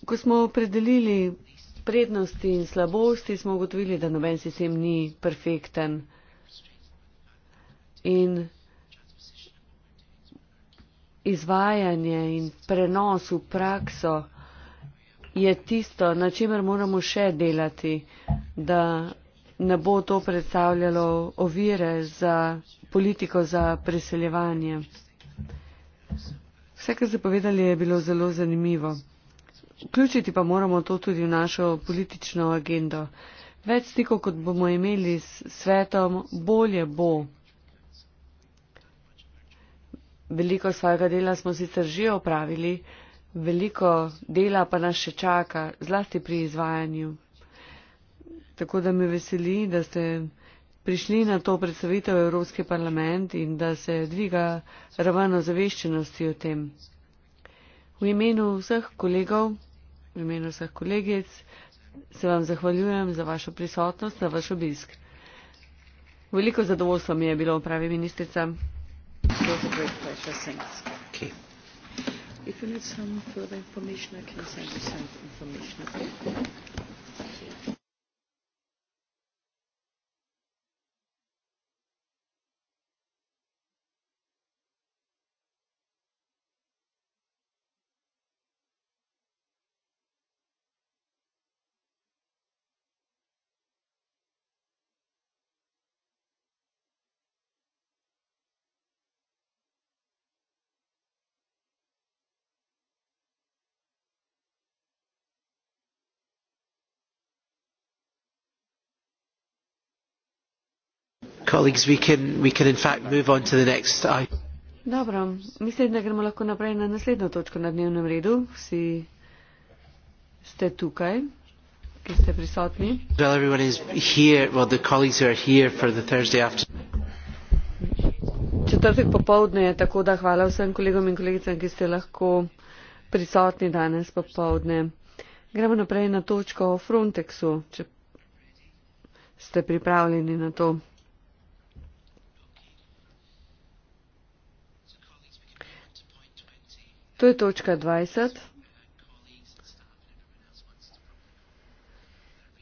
Ko smo opredelili prednosti in slabosti, smo ugotovili, da noben sistem ni perfekten. In izvajanje in prenos v prakso je tisto, na čemer moramo še delati, da ne bo to predstavljalo ovire za politiko za preseljevanje. Vse, kar ste povedali, je bilo zelo zanimivo. Vključiti pa moramo to tudi v našo politično agendo. Več stikov, kot bomo imeli s svetom, bolje bo. Veliko svojega dela smo sicer že opravili, veliko dela pa nas še čaka, zlasti pri izvajanju. Tako da me veseli, da ste prišli na to predstavitev Evropski parlament in da se dviga ravno zaveščenosti o tem. V imenu vseh kolegov, v imenu vseh kolegic, se vam zahvaljujem za vašo prisotnost, za vaš obisk. Veliko zadovoljstvo mi je bilo, pravi ministrica. If you need some further information, I can send you some information. Okay. colleagues, we can, we can in fact move on to the next item. Dobro, mislim, da gremo lahko naprej na naslednjo točko na dnevnem redu. Vsi ste tukaj, ki ste prisotni. Well, Četrtek popovdne je tako, da hvala vsem kolegom in kolegicam, ki ste lahko prisotni danes popovdne. Gremo naprej na točko o Frontexu, če ste pripravljeni na to. To je točka 20.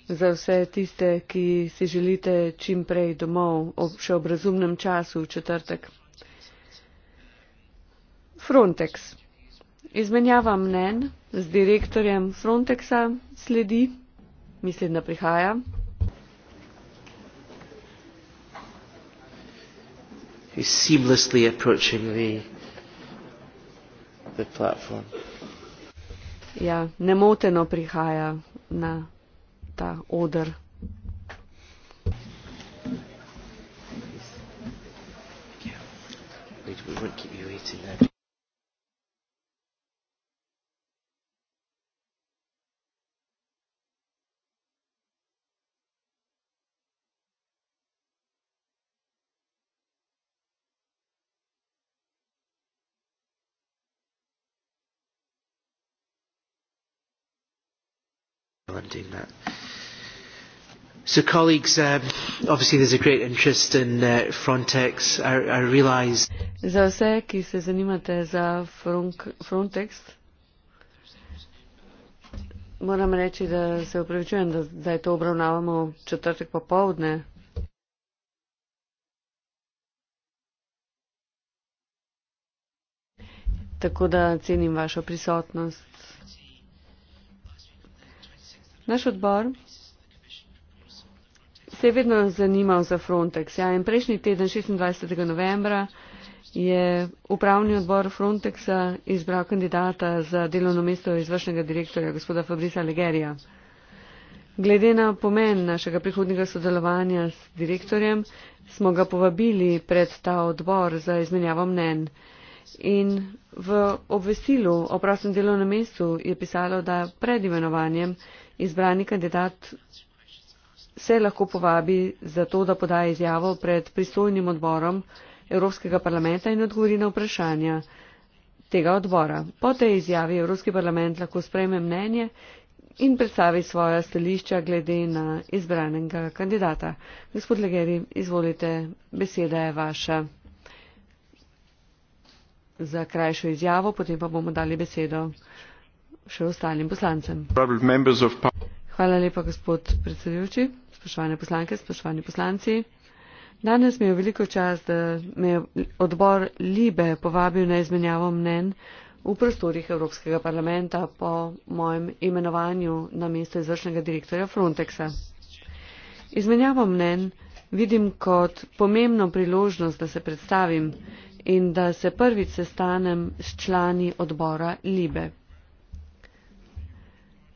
Za vse tiste, ki si želite čim prej domov, ob še ob razumnem času v četrtek. Frontex. Izmenjava mnen z direktorjem Frontexa sledi, mislim, da prihaja. Is seamlessly approaching the the platform. Ja, nemoteno prihaja na ta odr. Thank you. Thank you. We won't keep you waiting there. in doing that. So, colleagues, um, obviously there's a great interest in uh, Frontex. I, I realise. Za vse, ki se zanimate za Frontex, moram reči, da se upravičujem, da zdaj to obravnavamo v četrtek popovdne. Tako da cenim vašo prisotnost. Naš odbor se je vedno zanimal za Frontex. Ja, in prejšnji teden, 26. novembra, je upravni odbor Frontexa izbral kandidata za delovno mesto izvršnega direktorja, gospoda Fabrisa Legerija. Glede na pomen našega prihodnjega sodelovanja s direktorjem, smo ga povabili pred ta odbor za izmenjavo mnen. In v obvestilu o prostem delovnem mestu je pisalo, da pred imenovanjem izbrani kandidat se lahko povabi za to, da poda izjavo pred pristojnim odborom Evropskega parlamenta in odgovori na vprašanja tega odbora. Po tej izjavi Evropski parlament lahko sprejme mnenje in predstavi svoja stališča glede na izbranega kandidata. Gospod Legeri, izvolite, beseda je vaša za krajšo izjavo, potem pa bomo dali besedo še ostalim poslancem. Hvala lepa, gospod predsedujoči, spoštovane poslanke, spoštovani poslanci. Danes mi je veliko čas, da me je odbor Libe povabil na izmenjavo mnen v prostorih Evropskega parlamenta po mojem imenovanju na mesto izvršnega direktorja Frontexa. Izmenjavo mnen vidim kot pomembno priložnost, da se predstavim in da se prvič sestanem s člani odbora Libe.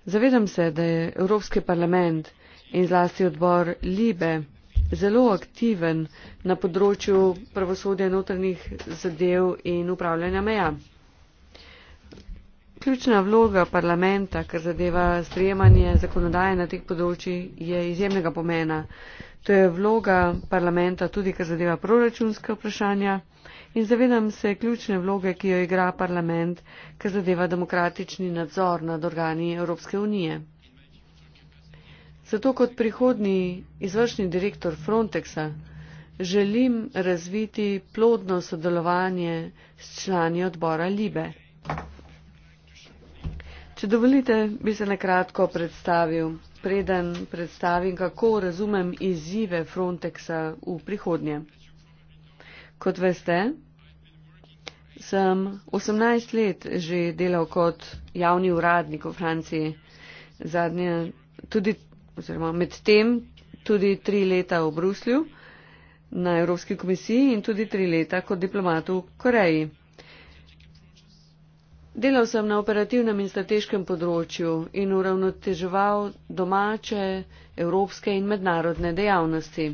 Zavedam se, da je Evropski parlament in zlasti odbor Libe zelo aktiven na področju pravosodja notrnih zadev in upravljanja meja. Ključna vloga parlamenta, kar zadeva sprejemanje zakonodaje na teh področjih, je izjemnega pomena. To je vloga parlamenta tudi, kar zadeva proračunske vprašanja in zavedam se ključne vloge, ki jo igra parlament, ker zadeva demokratični nadzor nad organi Evropske unije. Zato kot prihodni izvršni direktor Frontexa želim razviti plodno sodelovanje s člani odbora Libe. Če dovolite, bi se nakratko predstavil, preden predstavim, kako razumem izzive Frontexa v prihodnje. Kot veste, sem 18 let že delal kot javni uradnik v Franciji. Zadnje, tudi, oziroma med tem tudi tri leta v Bruslju na Evropski komisiji in tudi tri leta kot diplomat v Koreji. Delal sem na operativnem in strateškem področju in uravnoteževal domače, evropske in mednarodne dejavnosti.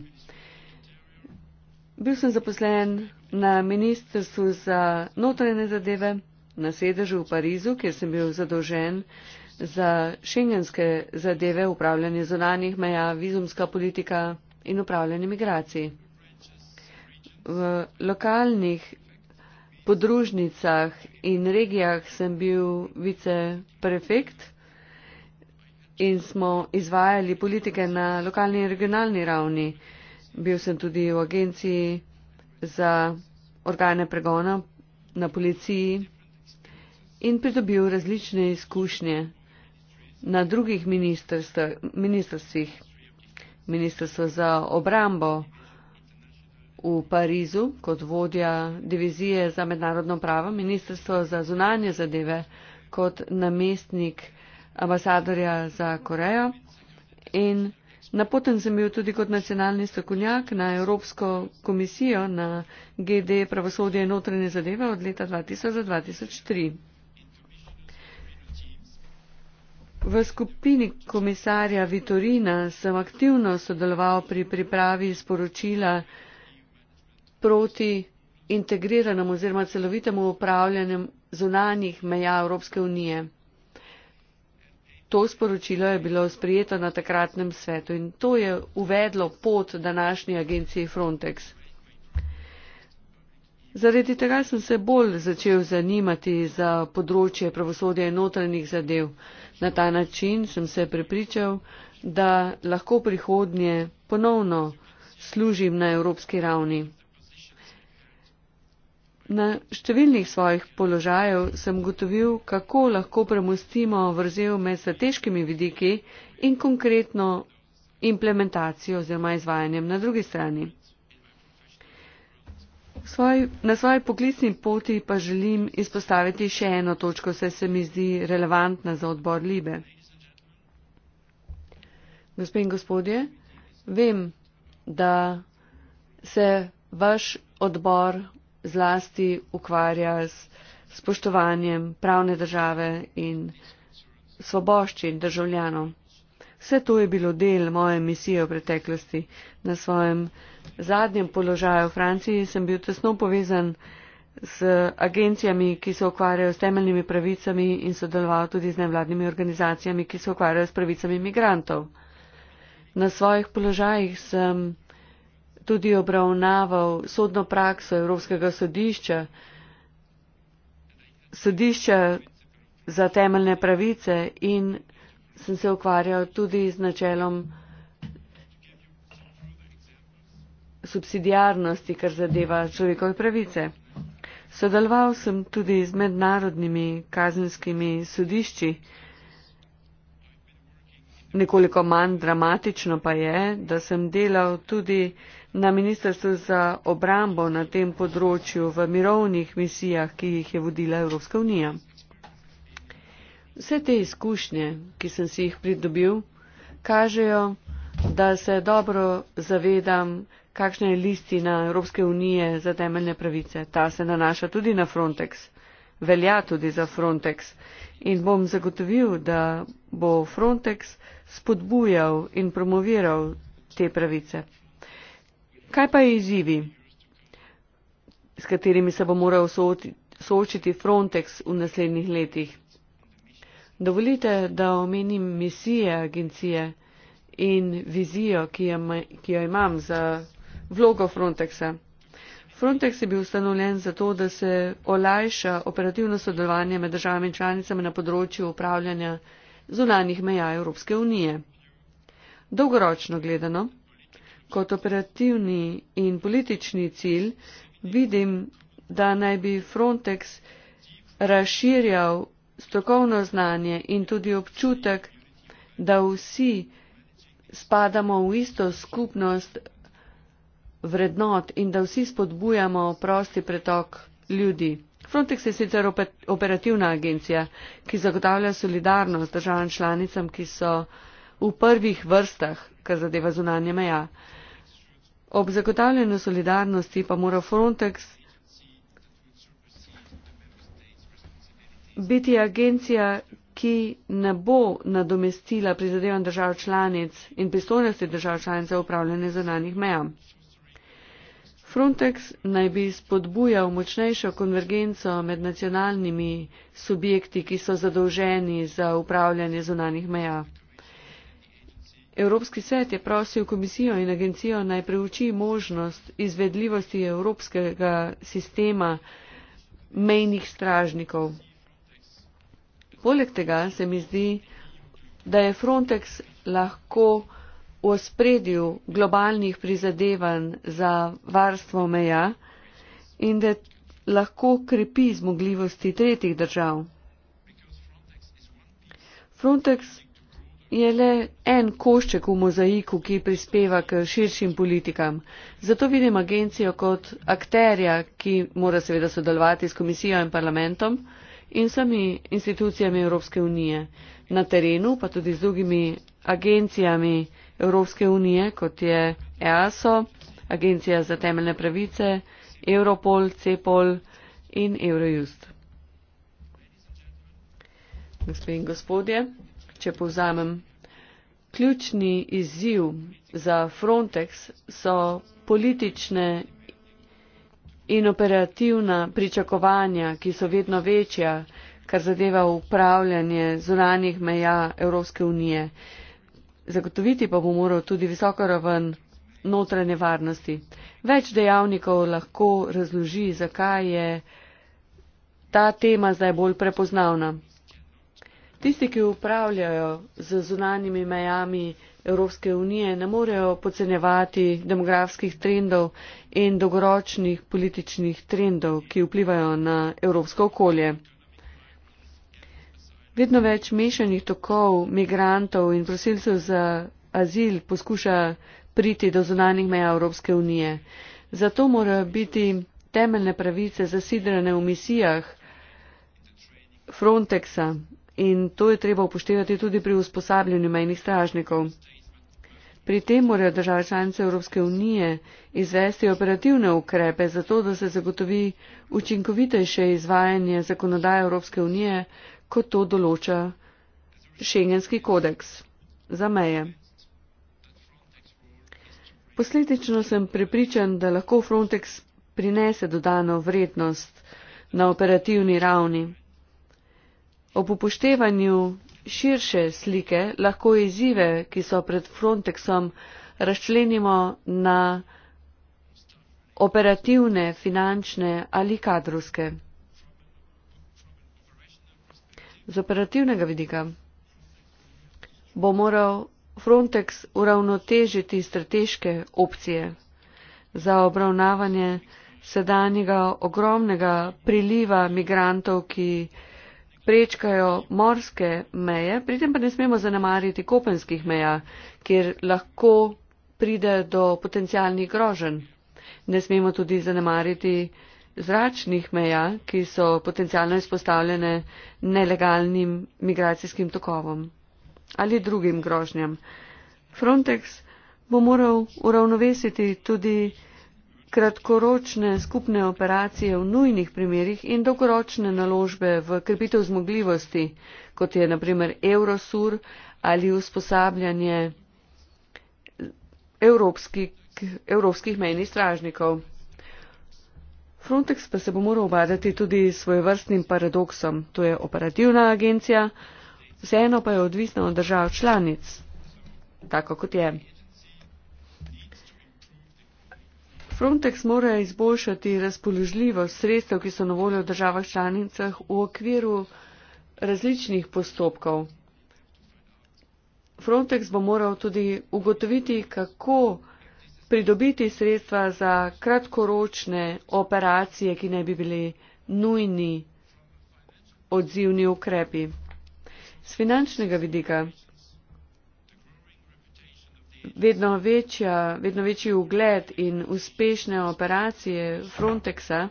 Bil sem zaposlen na Ministrstvu za notranje zadeve, na sedežu v Parizu, kjer sem bil zadolžen za šengenske zadeve, upravljanje zonanih meja, vizumska politika in upravljanje migracij. V lokalnih podružnicah in regijah sem bil viceprefekt in smo izvajali politike na lokalni in regionalni ravni. Bil sem tudi v agenciji za organe pregona na policiji in pridobil različne izkušnje na drugih ministrstvih. Ministrstvo za obrambo v Parizu kot vodja divizije za mednarodno pravo, ministrstvo za zunanje zadeve kot namestnik ambasadorja za Korejo in Napoten sem bil tudi kot nacionalni strokovnjak na Evropsko komisijo na GD pravosodje in notranje zadeve od leta 2000 do 2003. V skupini komisarja Vitorina sem aktivno sodeloval pri pripravi sporočila proti integriranemu oziroma celovitemu upravljanju zunanjih meja Evropske unije. To sporočilo je bilo sprejeto na takratnem svetu in to je uvedlo pot današnji agenciji Frontex. Zaradi tega sem se bolj začel zanimati za področje pravosodja in notranjih zadev. Na ta način sem se prepričal, da lahko prihodnje ponovno služim na evropski ravni. Na številnih svojih položajev sem gotovil, kako lahko premustimo vrzel med strateškimi vidiki in konkretno implementacijo oziroma izvajanjem na drugi strani. Svoj, na svoji poklicni poti pa želim izpostaviti še eno točko, saj se mi zdi relevantna za odbor Libe. Gospod in gospodje, vem, da se vaš odbor zlasti ukvarja s spoštovanjem pravne države in svoboščin državljanov. Vse to je bilo del moje misije v preteklosti. Na svojem zadnjem položaju v Franciji sem bil tesno povezan s agencijami, ki se ukvarjajo s temeljnimi pravicami in sodeloval tudi z nevladnimi organizacijami, ki se ukvarjajo s pravicami imigrantov. Na svojih položajih sem tudi obravnaval sodno prakso Evropskega sodišča, sodišča za temeljne pravice in sem se ukvarjal tudi z načelom subsidijarnosti, kar zadeva človekove pravice. Sodeloval sem tudi z mednarodnimi kazenskimi sodišči. Nekoliko manj dramatično pa je, da sem delal tudi na ministrstvu za obrambo na tem področju v mirovnih misijah, ki jih je vodila Evropska unija. Vse te izkušnje, ki sem si jih pridobil, kažejo, da se dobro zavedam, kakšna je listina Evropske unije za temeljne pravice. Ta se nanaša tudi na Frontex, velja tudi za Frontex in bom zagotovil, da bo Frontex spodbujal in promoviral te pravice. Kaj pa je izzivi, s katerimi se bo moral soočiti Frontex v naslednjih letih? Dovolite, da omenim misije agencije in vizijo, ki jo imam za vlogo Frontexa. Frontex je bil ustanovljen zato, da se olajša operativno sodelovanje med državami in članicami na področju upravljanja zunanih meja Evropske unije. Dolgoročno gledano, kot operativni in politični cilj vidim, da naj bi Frontex razširjal strokovno znanje in tudi občutek, da vsi spadamo v isto skupnost vrednot in da vsi spodbujamo prosti pretok ljudi. Frontex je sicer operativna agencija, ki zagotavlja solidarnost državam članicam, ki so v prvih vrstah, kar zadeva zunanje meja. Ob zagotavljanju solidarnosti pa mora Frontex biti agencija, ki ne bo nadomestila prizadevan držav članic in pristojnosti držav članic za upravljanje zonanih meja. Frontex naj bi spodbujal močnejšo konvergenco med nacionalnimi subjekti, ki so zadolženi za upravljanje zunanih meja. Evropski svet je prosil komisijo in agencijo naj preuči možnost izvedljivosti evropskega sistema mejnih stražnikov. Poleg tega se mi zdi, da je Frontex lahko v ospredju globalnih prizadevanj za varstvo meja in da lahko krepi zmogljivosti tretjih držav. Frontex je le en košček v mozaiku, ki prispeva k širšim politikam. Zato vidim agencijo kot akterja, ki mora seveda sodelovati s komisijo in parlamentom in vsemi institucijami Evropske unije. Na terenu pa tudi z drugimi agencijami Evropske unije, kot je EASO, Agencija za temeljne pravice, Europol, CEPOL in Eurojust. Gospod in gospodje če povzamem. Ključni izziv za Frontex so politične in operativna pričakovanja, ki so vedno večja, kar zadeva upravljanje zunanjih meja Evropske unije. Zagotoviti pa bo moral tudi visoko raven notranje varnosti. Več dejavnikov lahko razloži, zakaj je ta tema zdaj bolj prepoznavna. Tisti, ki upravljajo z zunanjimi mejami Evropske unije, ne morejo podcenjevati demografskih trendov in dolgoročnih političnih trendov, ki vplivajo na evropsko okolje. Vedno več mešanih tokov migrantov in prosilcev za azil poskuša priti do zunanjih meja Evropske unije. Zato morajo biti temeljne pravice zasidrene v misijah Frontexa in to je treba upoštevati tudi pri usposabljanju mejnih stražnikov. Pri tem morajo države članice Evropske unije izvesti operativne ukrepe za to, da se zagotovi učinkovitejše izvajanje zakonodaje Evropske unije, kot to določa šengenski kodeks za meje. Posledično sem prepričan, da lahko Frontex prinese dodano vrednost na operativni ravni. Ob upoštevanju širše slike lahko izzive, ki so pred Frontexom, razčlenimo na operativne, finančne ali kadrovske. Z operativnega vidika bo moral Frontex uravnotežiti strateške opcije za obravnavanje sedanjega ogromnega priliva migrantov, ki prečkajo morske meje, pri tem pa ne smemo zanemariti kopenskih meja, kjer lahko pride do potencijalnih grožen. Ne smemo tudi zanemariti zračnih meja, ki so potencijalno izpostavljene nelegalnim migracijskim tokovom ali drugim grožnjam. Frontex bo moral uravnovesiti tudi kratkoročne skupne operacije v nujnih primerjih in dolgoročne naložbe v krepitev zmogljivosti, kot je naprimer Eurosur ali usposabljanje evropski, evropskih mejnih stražnikov. Frontex pa se bo moral obadati tudi s svojevrstnim paradoksom. To je operativna agencija, vseeno pa je odvisna od držav članic, tako kot je. Frontex mora izboljšati razpoložljivost sredstev, ki so na voljo v državah članicah v okviru različnih postopkov. Frontex bo moral tudi ugotoviti, kako pridobiti sredstva za kratkoročne operacije, ki naj bi bili nujni odzivni ukrepi. Z finančnega vidika vedno, večja, vedno večji ugled in uspešne operacije Frontexa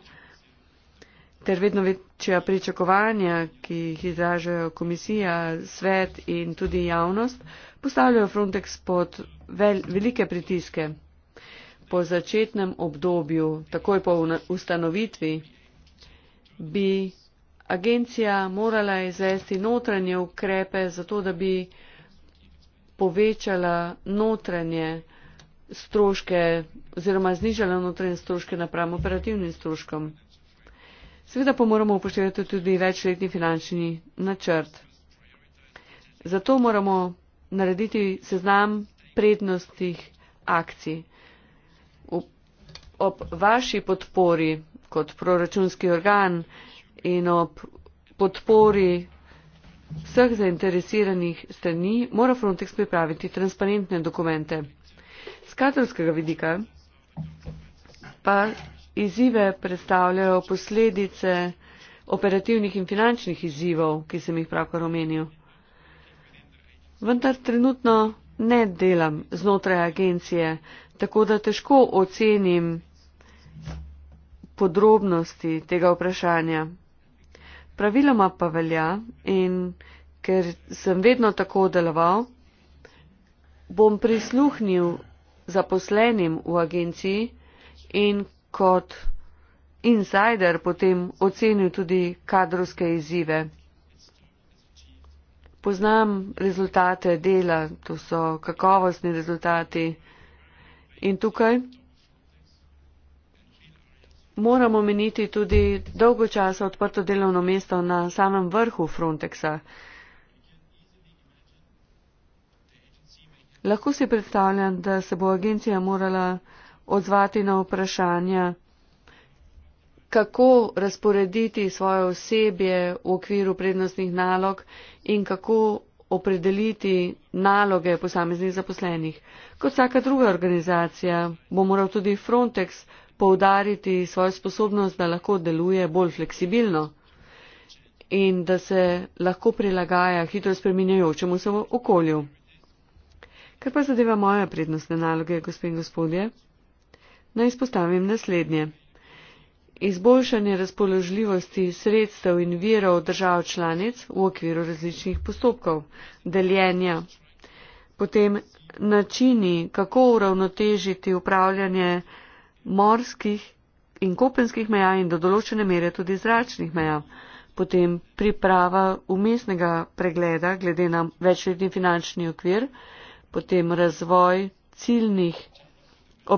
ter vedno večja pričakovanja, ki jih izražajo komisija, svet in tudi javnost, postavljajo Frontex pod vel, velike pritiske. Po začetnem obdobju, takoj po ustanovitvi, bi agencija morala izvesti notranje ukrepe, zato da bi povečala notranje stroške oziroma znižala notranje stroške napram operativnim stroškom. Seveda pa moramo upoštevati tudi večletni finančni načrt. Zato moramo narediti seznam prednostnih akcij. Ob vaši podpori kot proračunski organ in ob podpori vseh zainteresiranih strani mora Frontex pripraviti transparentne dokumente. Z kadrovskega vidika pa izzive predstavljajo posledice operativnih in finančnih izzivov, ki sem jih pravkar omenil. Vendar trenutno ne delam znotraj agencije, tako da težko ocenim podrobnosti tega vprašanja praviloma pa velja in ker sem vedno tako deloval, bom prisluhnil zaposlenim v agenciji in kot insider potem ocenil tudi kadrovske izzive. Poznam rezultate dela, to so kakovostni rezultati in tukaj moramo meniti tudi dolgo časa odprto delovno mesto na samem vrhu Frontexa. Lahko si predstavljam, da se bo agencija morala odzvati na vprašanja, kako razporediti svoje osebje v okviru prednostnih nalog in kako opredeliti naloge posameznih zaposlenih. Kot vsaka druga organizacija bo moral tudi Frontex poudariti svojo sposobnost, da lahko deluje bolj fleksibilno in da se lahko prilagaja hitro spreminjajočemu se okolju. Kar pa zadeva moje prednostne naloge, gospod in gospodje, naj izpostavim naslednje. Izboljšanje razpoložljivosti sredstev in virov držav članic v okviru različnih postopkov, deljenja, potem načini, kako uravnotežiti upravljanje morskih in kopenskih meja in do določene mere tudi zračnih meja. Potem priprava umestnega pregleda glede na večletni finančni okvir, potem razvoj ciljnih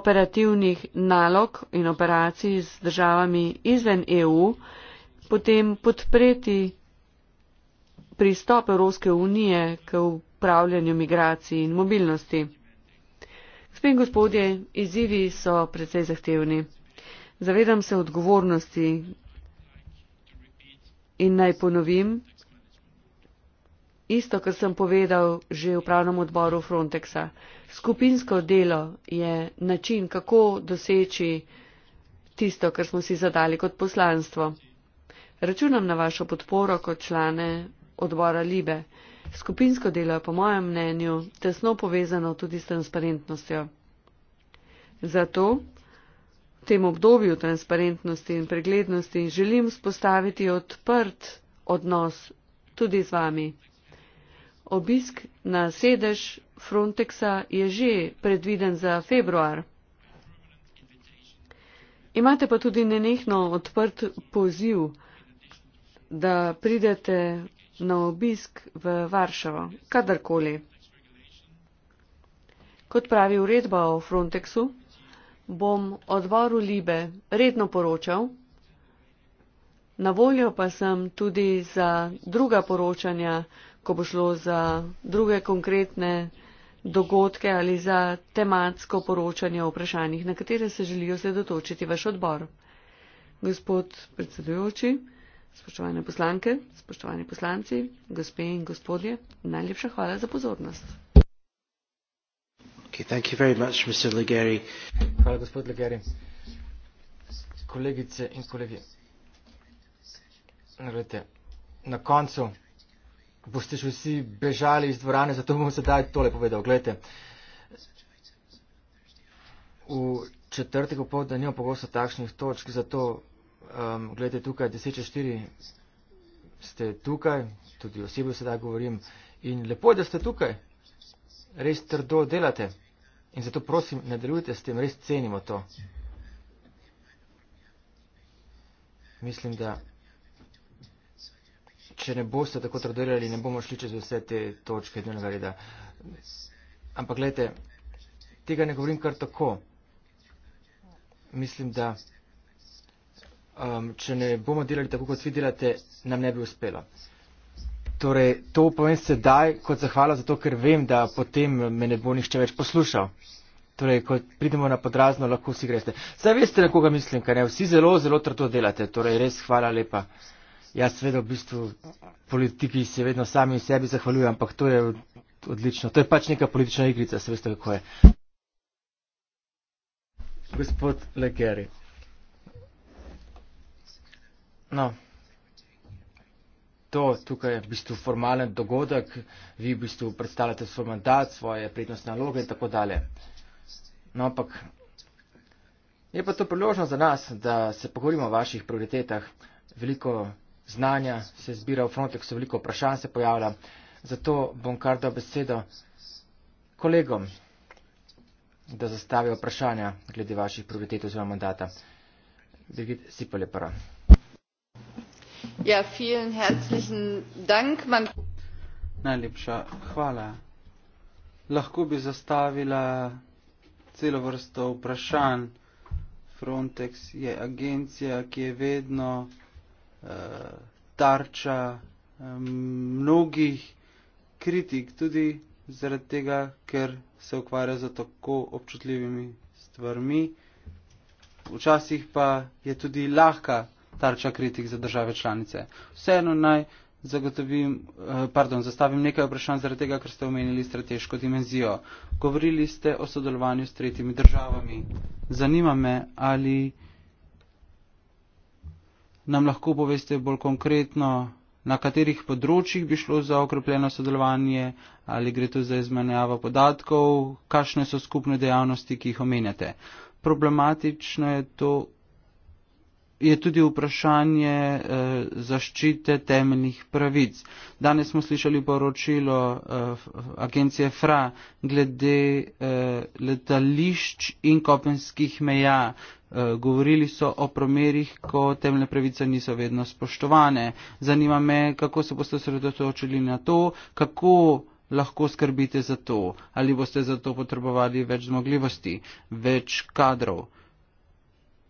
operativnih nalog in operacij z državami izven EU, potem podpreti pristop Evropske unije k upravljanju migracij in mobilnosti. Gospe in gospodje, izzivi so precej zahtevni. Zavedam se odgovornosti in naj ponovim isto, kar sem povedal že v pravnem odboru Frontexa. Skupinsko delo je način, kako doseči tisto, kar smo si zadali kot poslanstvo. Računam na vašo podporo kot člane odbora Libe. Skupinsko delo je po mojem mnenju tesno povezano tudi s transparentnostjo. Zato v tem obdobju transparentnosti in preglednosti želim spostaviti odprt odnos tudi z vami. Obisk na sedež Frontexa je že predviden za februar. Imate pa tudi nenehno odprt poziv, da pridete na obisk v Varšavo, kadarkoli. Kot pravi uredba o Frontexu, bom odboru Libe redno poročal, na voljo pa sem tudi za druga poročanja, ko bo šlo za druge konkretne dogodke ali za tematsko poročanje o vprašanjih, na katere se želijo sredotočiti vaš odbor. Gospod predsedujoči, Spoštovane poslanke, spoštovani poslanci, gospe in gospodje, najlepša hvala za pozornost. Okay, much, hvala, gospod Legeri. Kolegice in kolegi, Narejte, na koncu boste še vsi bežali iz dvorane, zato bom sedaj tole povedal. Glejte, v četrtek popoldne nimamo pogosto takšnih točk, zato Um, Glede tukaj, 10.4 ste tukaj, tudi osebo sedaj govorim. In lepo je, da ste tukaj. Res trdo delate. In zato prosim, nadaljujte s tem, res cenimo to. Mislim, da če ne boste tako trdelali, ne bomo šli čez vse te točke dnevnega reda. Ampak gledajte, tega ne govorim kar tako. Mislim, da um, če ne bomo delali tako, kot vi delate, nam ne bi uspelo. Torej, to povem sedaj kot zahvala, zato ker vem, da potem me ne bo nišče več poslušal. Torej, ko pridemo na podrazno, lahko vsi greste. Zdaj veste, na koga mislim, kaj ne, vsi zelo, zelo trdo delate. Torej, res hvala lepa. Jaz seveda v bistvu politiki se vedno sami sebi zahvaljujem, ampak to je odlično. To je pač neka politična igrica, se veste, kako je. Gospod Legeri. No, to tukaj je v bistvu formalen dogodek, vi v bistvu predstavljate svoj mandat, svoje prednostne naloge in tako dalje. No, ampak je pa to priložnost za nas, da se pogovorimo o vaših prioritetah. Veliko znanja se zbira v Frontexu, veliko vprašanj se pojavlja. Zato bom kar dal besedo kolegom, da zastavijo vprašanja glede vaših prioritet oziroma mandata. Birgit Sipole prva. Ja, vielen herzlichen Dank. Man Najlepša hvala. Lahko bi zastavila celo vrsto vprašanj. Frontex je agencija, ki je vedno uh, tarča um, mnogih kritik, tudi zaradi tega, ker se ukvarja z tako občutljivimi stvarmi. Včasih pa je tudi lahka tarča kritik za države članice. Vseeno naj zagotovim, eh, pardon, zastavim nekaj vprašanj zaradi tega, ker ste omenili strateško dimenzijo. Govorili ste o sodelovanju s tretjimi državami. Zanima me, ali nam lahko poveste bolj konkretno, na katerih področjih bi šlo za okrepljeno sodelovanje, ali gre tu za izmenjavo podatkov, kakšne so skupne dejavnosti, ki jih omenjate. Problematično je to, je tudi vprašanje eh, zaščite temeljnih pravic. Danes smo slišali poročilo eh, agencije FRA glede eh, letališč in kopenskih meja. Eh, govorili so o primerih, ko temeljne pravice niso vedno spoštovane. Zanima me, kako se boste sredotočili na to, kako lahko skrbite za to, ali boste za to potrebovali več zmogljivosti, več kadrov.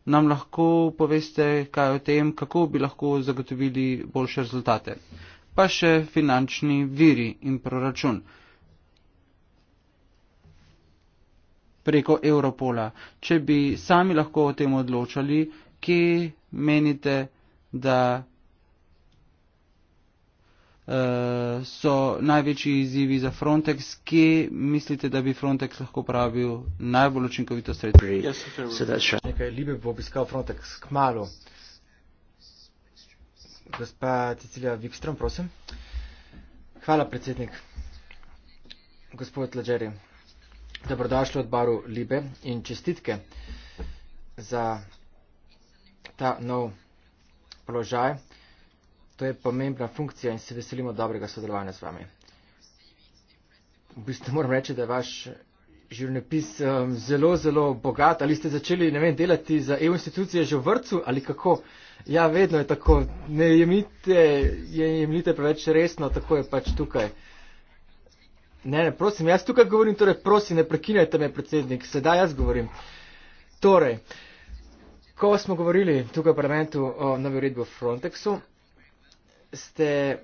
Nam lahko poveste kaj o tem, kako bi lahko zagotovili boljše rezultate. Pa še finančni viri in proračun. Preko Evropola. Če bi sami lahko o tem odločali, kje menite, da Eh, so največji izzivi za Frontex, kje mislite, da bi Frontex lahko pravil najbolj učinkovito sredstvo? Nekaj Libije bo obiskal Frontex k malu. Gospa Cecilija Wikström, prosim. Hvala, predsednik. Gospod Lađeri, dobrodošli v odboru Libe in čestitke za ta nov položaj. To je pomembna funkcija in se veselimo dobrega sodelovanja z vami. V bistvu moram reči, da je vaš življenjepis um, zelo, zelo bogat. Ali ste začeli, ne vem, delati za EU institucije že v vrtu ali kako? Ja, vedno je tako. Ne jemite, je jemite preveč resno, tako je pač tukaj. Ne, ne, prosim, jaz tukaj govorim, torej prosim, ne prekinjajte me, predsednik, sedaj jaz govorim. Torej, ko smo govorili tukaj v parlamentu o novi uredbi o Frontexu, ste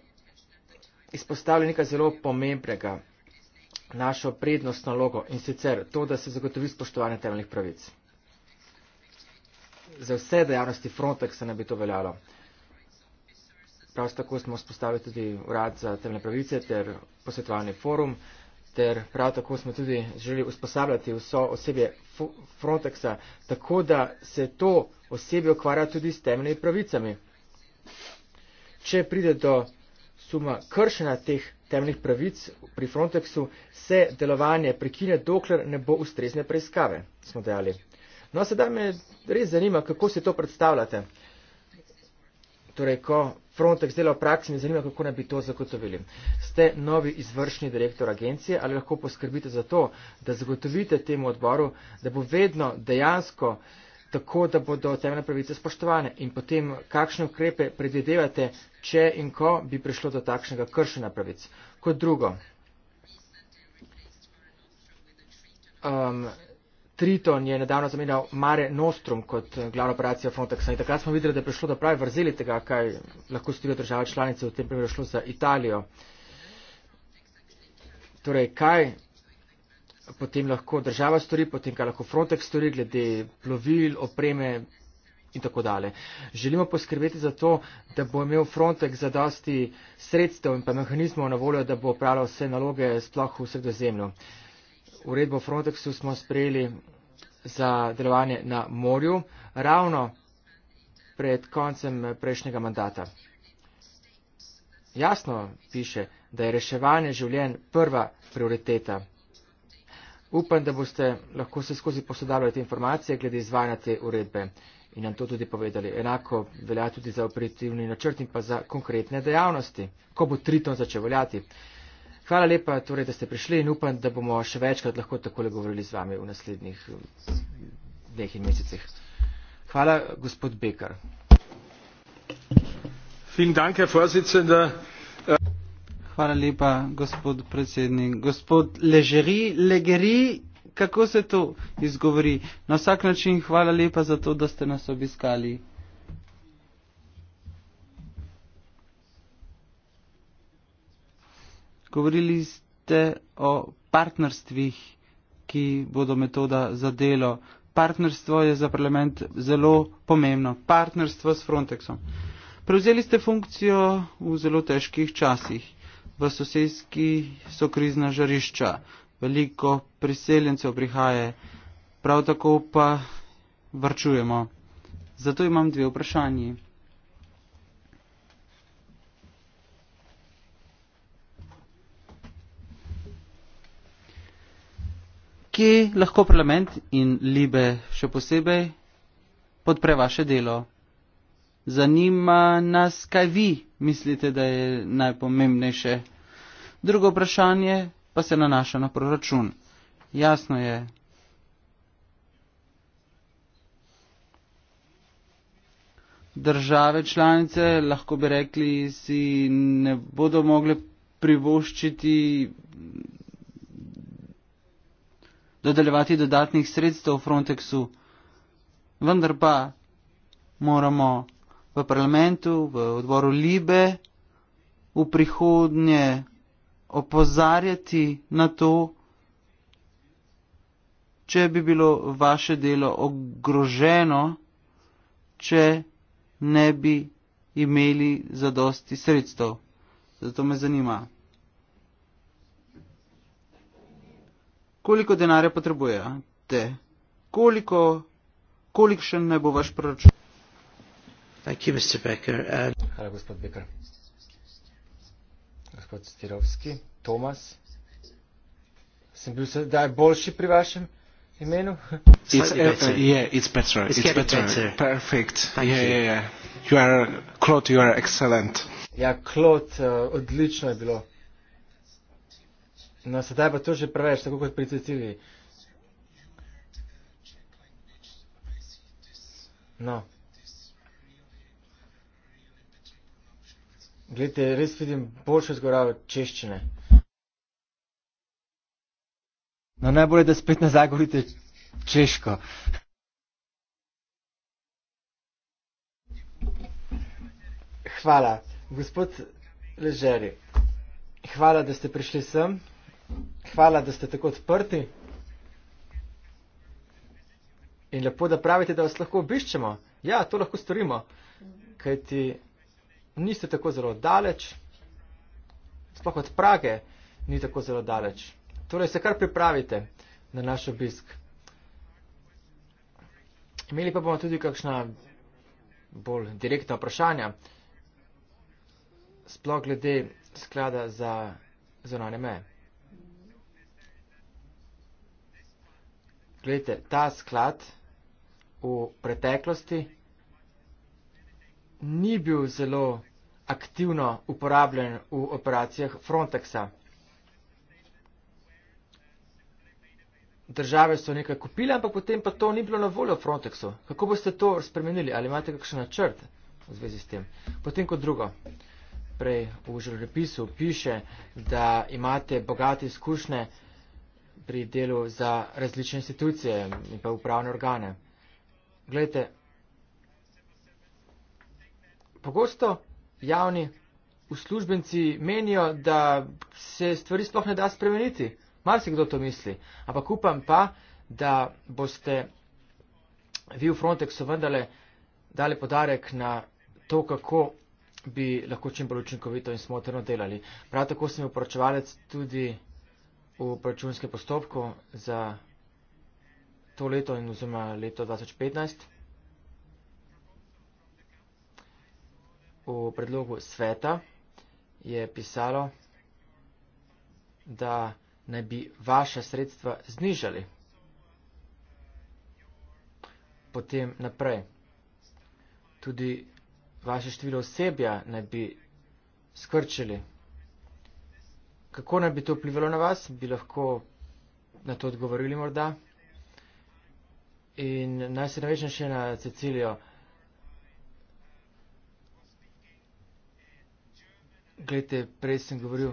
izpostavili nekaj zelo pomembnega, našo prednost nalogo in sicer to, da se zagotovi spoštovanje temeljnih pravic. Za vse dejavnosti Frontexa ne bi to veljalo. Prav tako smo spostavili tudi urad za temeljne pravice ter posvetovalni forum ter prav tako smo tudi želeli usposabljati vso osebje Frontexa, tako da se to osebje ukvarja tudi s temeljnimi pravicami če pride do suma kršena teh temnih pravic pri Frontexu, se delovanje prekine, dokler ne bo ustrezne preiskave, smo dejali. No, sedaj me res zanima, kako si to predstavljate. Torej, ko Frontex dela v praksi, me zanima, kako naj bi to zagotovili. Ste novi izvršni direktor agencije ali lahko poskrbite za to, da zagotovite temu odboru, da bo vedno dejansko uh, tako, da bodo temeljne pravice spoštovane in potem kakšne ukrepe predvidevate, če in ko bi prišlo do takšnega kršenja pravic. Kot drugo, um, Triton je nedavno zamenjal Mare Nostrum kot glavno operacijo Frontexa in takrat smo videli, da je prišlo do prave vrzeli tega, kaj lahko stojijo države članice, v tem primeru šlo za Italijo. Torej, kaj potem lahko država stori, potem kaj lahko Frontex stori, glede plovil, opreme in tako dalje. Želimo poskrbeti za to, da bo imel Frontex zadosti sredstev in pa mehanizmov na voljo, da bo upravljal vse naloge sploh v sredozemlju. Uredbo Frontexu smo sprejeli za delovanje na morju ravno pred koncem prejšnjega mandata. Jasno piše, da je reševanje življenj prva prioriteta. Upam, da boste lahko se skozi posodavljali te informacije glede izvajanja te uredbe in nam to tudi povedali. Enako velja tudi za operativni načrt in pa za konkretne dejavnosti, ko bo triton začel veljati. Hvala lepa, torej, da ste prišli in upam, da bomo še večkrat lahko takole govorili z vami v naslednjih dneh in mesecih. Hvala, gospod Bekar. Vielen Dank, Herr Vorsitzender. Hvala lepa, gospod predsednik. Gospod Ležeri, Legeri, kako se to izgovori? Na vsak način hvala lepa za to, da ste nas obiskali. Govorili ste o partnerstvih, ki bodo metoda za delo. Partnerstvo je za parlament zelo pomembno. Partnerstvo s Frontexom. Prevzeli ste funkcijo v zelo težkih časih v sosedski so krizna žarišča, veliko priseljencev prihaja, prav tako pa vrčujemo. Zato imam dve vprašanji. Kje lahko parlament in libe še posebej podpre vaše delo? Zanima nas, kaj vi mislite, da je najpomembnejše? Drugo vprašanje pa se nanaša na proračun. Jasno je. Države članice lahko bi rekli, si ne bodo mogli privoščiti dodeljevati dodatnih sredstev Frontexu, vendar pa moramo v parlamentu, v odboru Libe, v prihodnje opozarjati na to, če bi bilo vaše delo ogroženo, če ne bi imeli zadosti sredstev. Zato me zanima. Koliko denarja potrebujete? Koliko, kolikšen naj bo vaš proračun? Um, Hvala, gospod Becker. Gospod Stirovski, Tomas, sem bil sedaj boljši pri vašem imenu? Ja, Klot, uh, odlično je bilo. No, sedaj pa to že preveč, tako kot pri Ceciliji. No. Glede, res vidim boljšo zgorajo češčine. No, najbolje, da spet nazaj govorite češko. Hvala, gospod Ležeri. Hvala, da ste prišli sem. Hvala, da ste tako odprti. In lepo, da pravite, da vas lahko obiščemo. Ja, to lahko storimo. Kaj ti niste tako zelo daleč, sploh od Prage ni tako zelo daleč. Torej se kar pripravite na naš obisk. Imeli pa bomo tudi kakšna bolj direktna vprašanja, sploh glede sklada za zonane meje. Gledajte, ta sklad v preteklosti ni bil zelo aktivno uporabljen v operacijah Frontexa. Države so nekaj kupile, ampak potem pa to ni bilo na voljo Frontexu. Kako boste to spremenili? Ali imate kakšen načrt v zvezi s tem? Potem kot drugo, prej v žrlopisu piše, da imate bogate izkušnje pri delu za različne institucije in pa upravne organe. Glejte, pogosto javni uslužbenci menijo, da se stvari sploh ne da spremeniti. Mar si kdo to misli. Ampak upam pa, da boste vi v Frontexu vendarle dali podarek na to, kako bi lahko čim bolj učinkovito in smotrno delali. Prav tako sem upračevalec tudi v računskem postopku za to leto in oziroma leto 2015. v predlogu sveta je pisalo, da ne bi vaše sredstva znižali. Potem naprej. Tudi vaše število osebja ne bi skrčili. Kako ne bi to vplivalo na vas, bi lahko na to odgovorili morda. In naj se navežem še na Cecilijo. Glede, prej sem govoril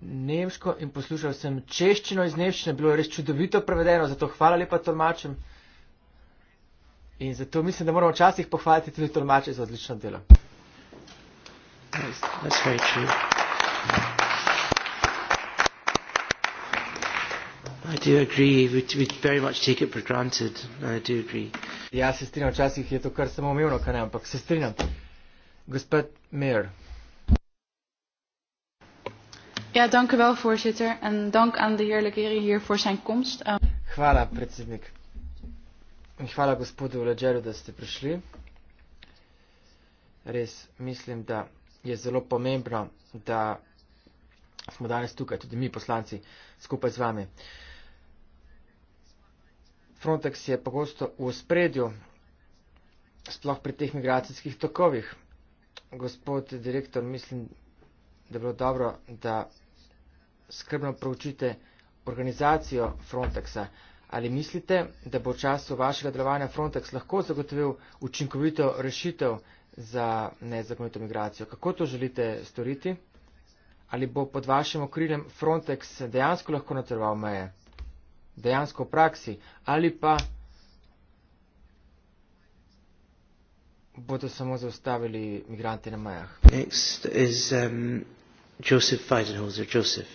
nemško in poslušal sem češčino iz nemščine, bilo je res čudovito prevedeno, zato hvala lepa tolmačem. In zato mislim, da moramo včasih pohvaliti tudi tolmače za odlično delo. I do agree, we, we very much take it for granted. I do agree. Ja, se strinjam, včasih je to kar samoumevno, kaj ne, ampak se strinjam. Gospod Mayor. Ja, voorzitter en dank aan de heer legere hier voor zijn komst. Ehm, hvala, predsednik. In hvala gospodu Legeru, da ste prišli. Res mislim, da je zelo pomembno, da smo danes tukaj, tudi mi poslanci, skupaj z vami. Frontex je pogosto v spredju, sploh pri teh migracijskih tokovih. Gospod direktor, mislim, da je bilo dobro, da skrbno proučite organizacijo Frontexa. Ali mislite, da bo v času vašega delovanja Frontex lahko zagotovil učinkovito rešitev za nezakonito migracijo? Kako to želite storiti? Ali bo pod vašim okriljem Frontex dejansko lahko natrval meje? Dejansko v praksi? Ali pa bodo samo zaustavili migrante na mejah? Next is um, Joseph Feidenholzer. Joseph.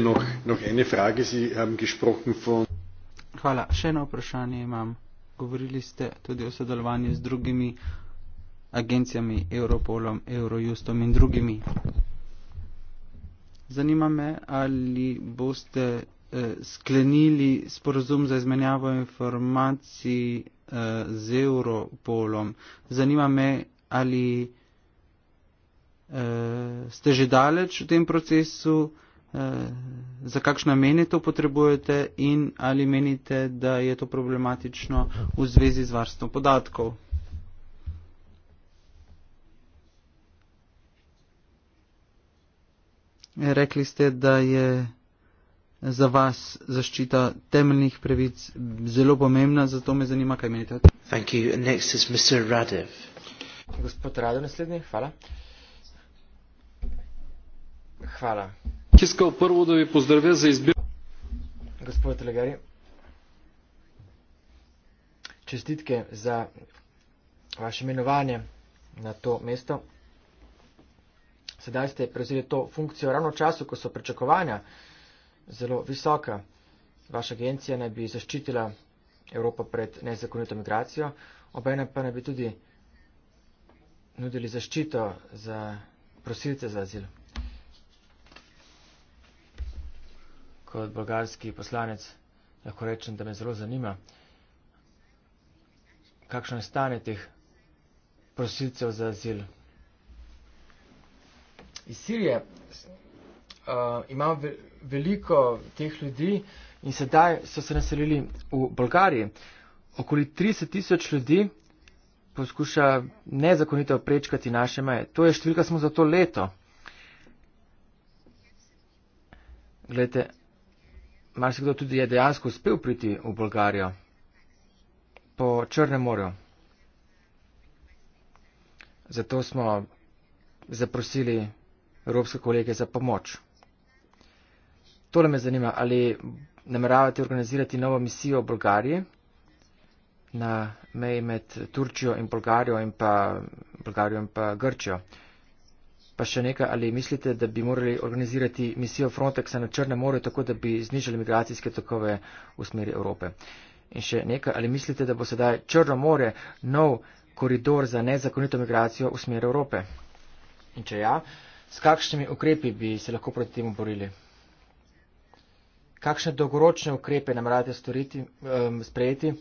No, no, Hvala. Še eno vprašanje imam. Govorili ste tudi o sodelovanju z drugimi agencijami, Europolom, Eurojustom in drugimi. Zanima me, ali boste eh, sklenili sporozum za izmenjavo informacij eh, z Europolom. Zanima me, ali. Uh, ste že daleč v tem procesu, uh, za kakšne namene to potrebujete in ali menite, da je to problematično v zvezi z varstvom podatkov? Rekli ste, da je za vas zaščita temeljnih pravic zelo pomembna, zato me zanima, kaj menite. Gospod Rado, naslednji, hvala. Uh, Hvala. Iskal prvo, da bi pozdravil za izbir. Gospod Legari, čestitke za vaše imenovanje na to mesto. Sedaj ste prevzeli to funkcijo ravno v času, ko so pričakovanja zelo visoka. Vaša agencija naj bi zaščitila Evropo pred nezakonito migracijo, obenem pa naj bi tudi nudili zaščito za prosilce za azil. kot bolgarski poslanec lahko rečem, da me zelo zanima, kakšno je stanje teh prosilcev za azil. Iz Sirije uh, imamo veliko teh ljudi in sedaj so se naselili v Bolgariji. Okoli 30 tisoč ljudi poskuša nezakonito prečkati naše meje. To je številka samo za to leto. Glede, marsikdo tudi je dejansko uspel priti v Bolgarijo po Črnem morju. Zato smo zaprosili evropske kolege za pomoč. Tole me zanima, ali nameravate organizirati novo misijo v Bolgariji na meji med Turčijo in Bolgarijo in pa, Bolgarijo in pa Grčijo. Pa še nekaj, ali mislite, da bi morali organizirati misijo Frontexa na Črnem morju, tako da bi znižali migracijske tokove v smeri Evrope? In še nekaj, ali mislite, da bo sedaj Črno more nov koridor za nezakonito migracijo v smeri Evrope? In če ja, s kakšnimi ukrepi bi se lahko proti temu borili? Kakšne dolgoročne ukrepe namerate um, sprejeti,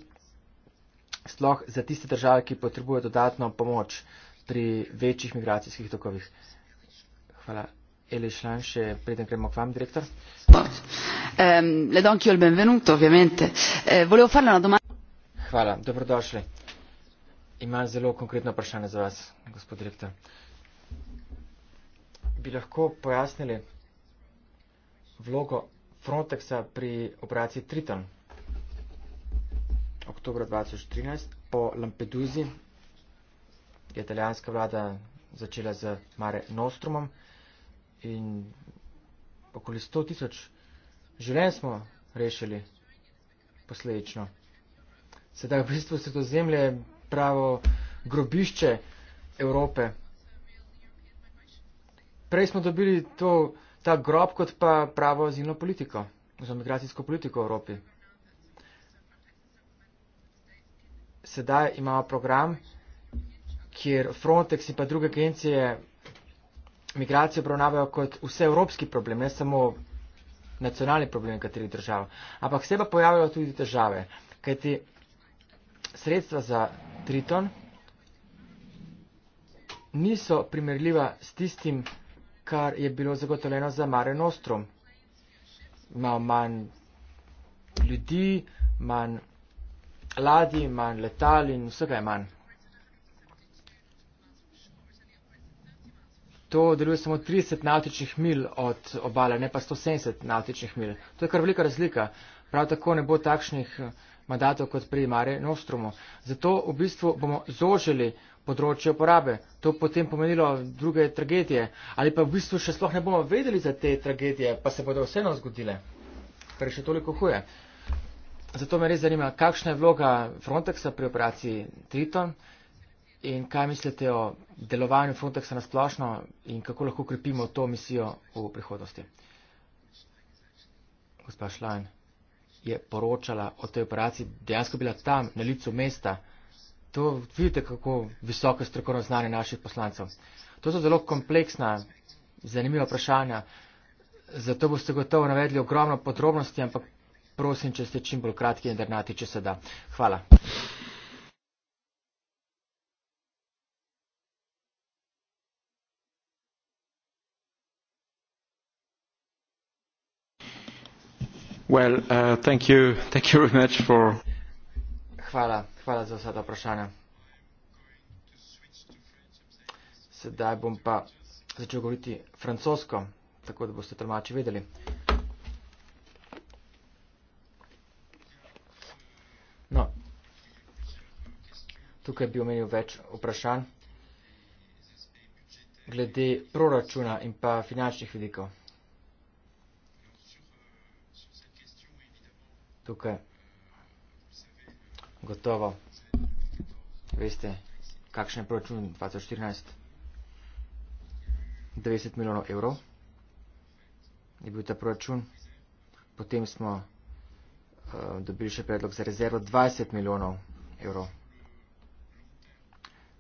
sploh za tiste države, ki potrebujejo dodatno pomoč pri večjih migracijskih tokovih? Hvala. Eli Šlan, še preden gremo k vam, direktor. Ehm, Ledonki, ol benvenuto, ovviamente. Eh, volevo farle una domanda. Hvala, dobrodošli. Imam zelo konkretno vprašanje za vas, gospod direktor. Bi lahko pojasnili vlogo Frontexa pri operaciji Triton oktober 2013 po Lampeduzi je italijanska vlada začela z Mare Nostrumom, in okoli 100 tisoč življenj smo rešili posledično. Sedaj v bistvu se to zemlje pravo grobišče Evrope. Prej smo dobili to, ta grob kot pa pravo azilno politiko, oziroma migracijsko politiko v Evropi. Sedaj imamo program, kjer Frontex in pa druge agencije migracije obravnavajo kot vse evropski problem, ne samo nacionalni problem katerih držav. Ampak se pa pojavljajo tudi države, kajti sredstva za Triton niso primerljiva s tistim, kar je bilo zagotovljeno za Mare Nostrum. Imajo manj ljudi, manj ladi, manj letal in vsega je manj. to deluje samo 30 nautičnih mil od obale, ne pa 170 nautičnih mil. To je kar velika razlika. Prav tako ne bo takšnih eh, mandatov kot pri Mare Nostromu. Zato v bistvu bomo zožili področje uporabe. To potem pomenilo druge tragedije. Ali pa v bistvu še sploh ne bomo vedeli za te tragedije, pa se bodo vseeno zgodile, kar je še toliko huje. Zato me res zanima, kakšna je vloga Frontexa pri operaciji Triton, In kaj mislite o delovanju Frontexa na splošno in kako lahko krepimo to misijo v prihodnosti? Gospa Šlajn je poročala o tej operaciji, dejansko bila tam, na licu mesta. To vidite, kako visoko strokovno znanje naših poslancev. To so zelo kompleksna, zanimiva vprašanja, zato boste gotovo navedli ogromno podrobnosti, ampak prosim, če ste čim bolj kratki in drnati, če se da. Hvala. Well, uh, thank you. Thank you very much for... Hvala, hvala za vsa ta vprašanja. Sedaj bom pa začel govoriti francosko, tako da boste tlmači vedeli. No, tukaj bi omenil več vprašanj glede proračuna in pa finančnih vidikov. tukaj gotovo veste, kakšen je proračun 2014. 90 milijonov evrov je bil ta proračun. Potem smo uh, dobili še predlog za rezervo 20 milijonov evrov.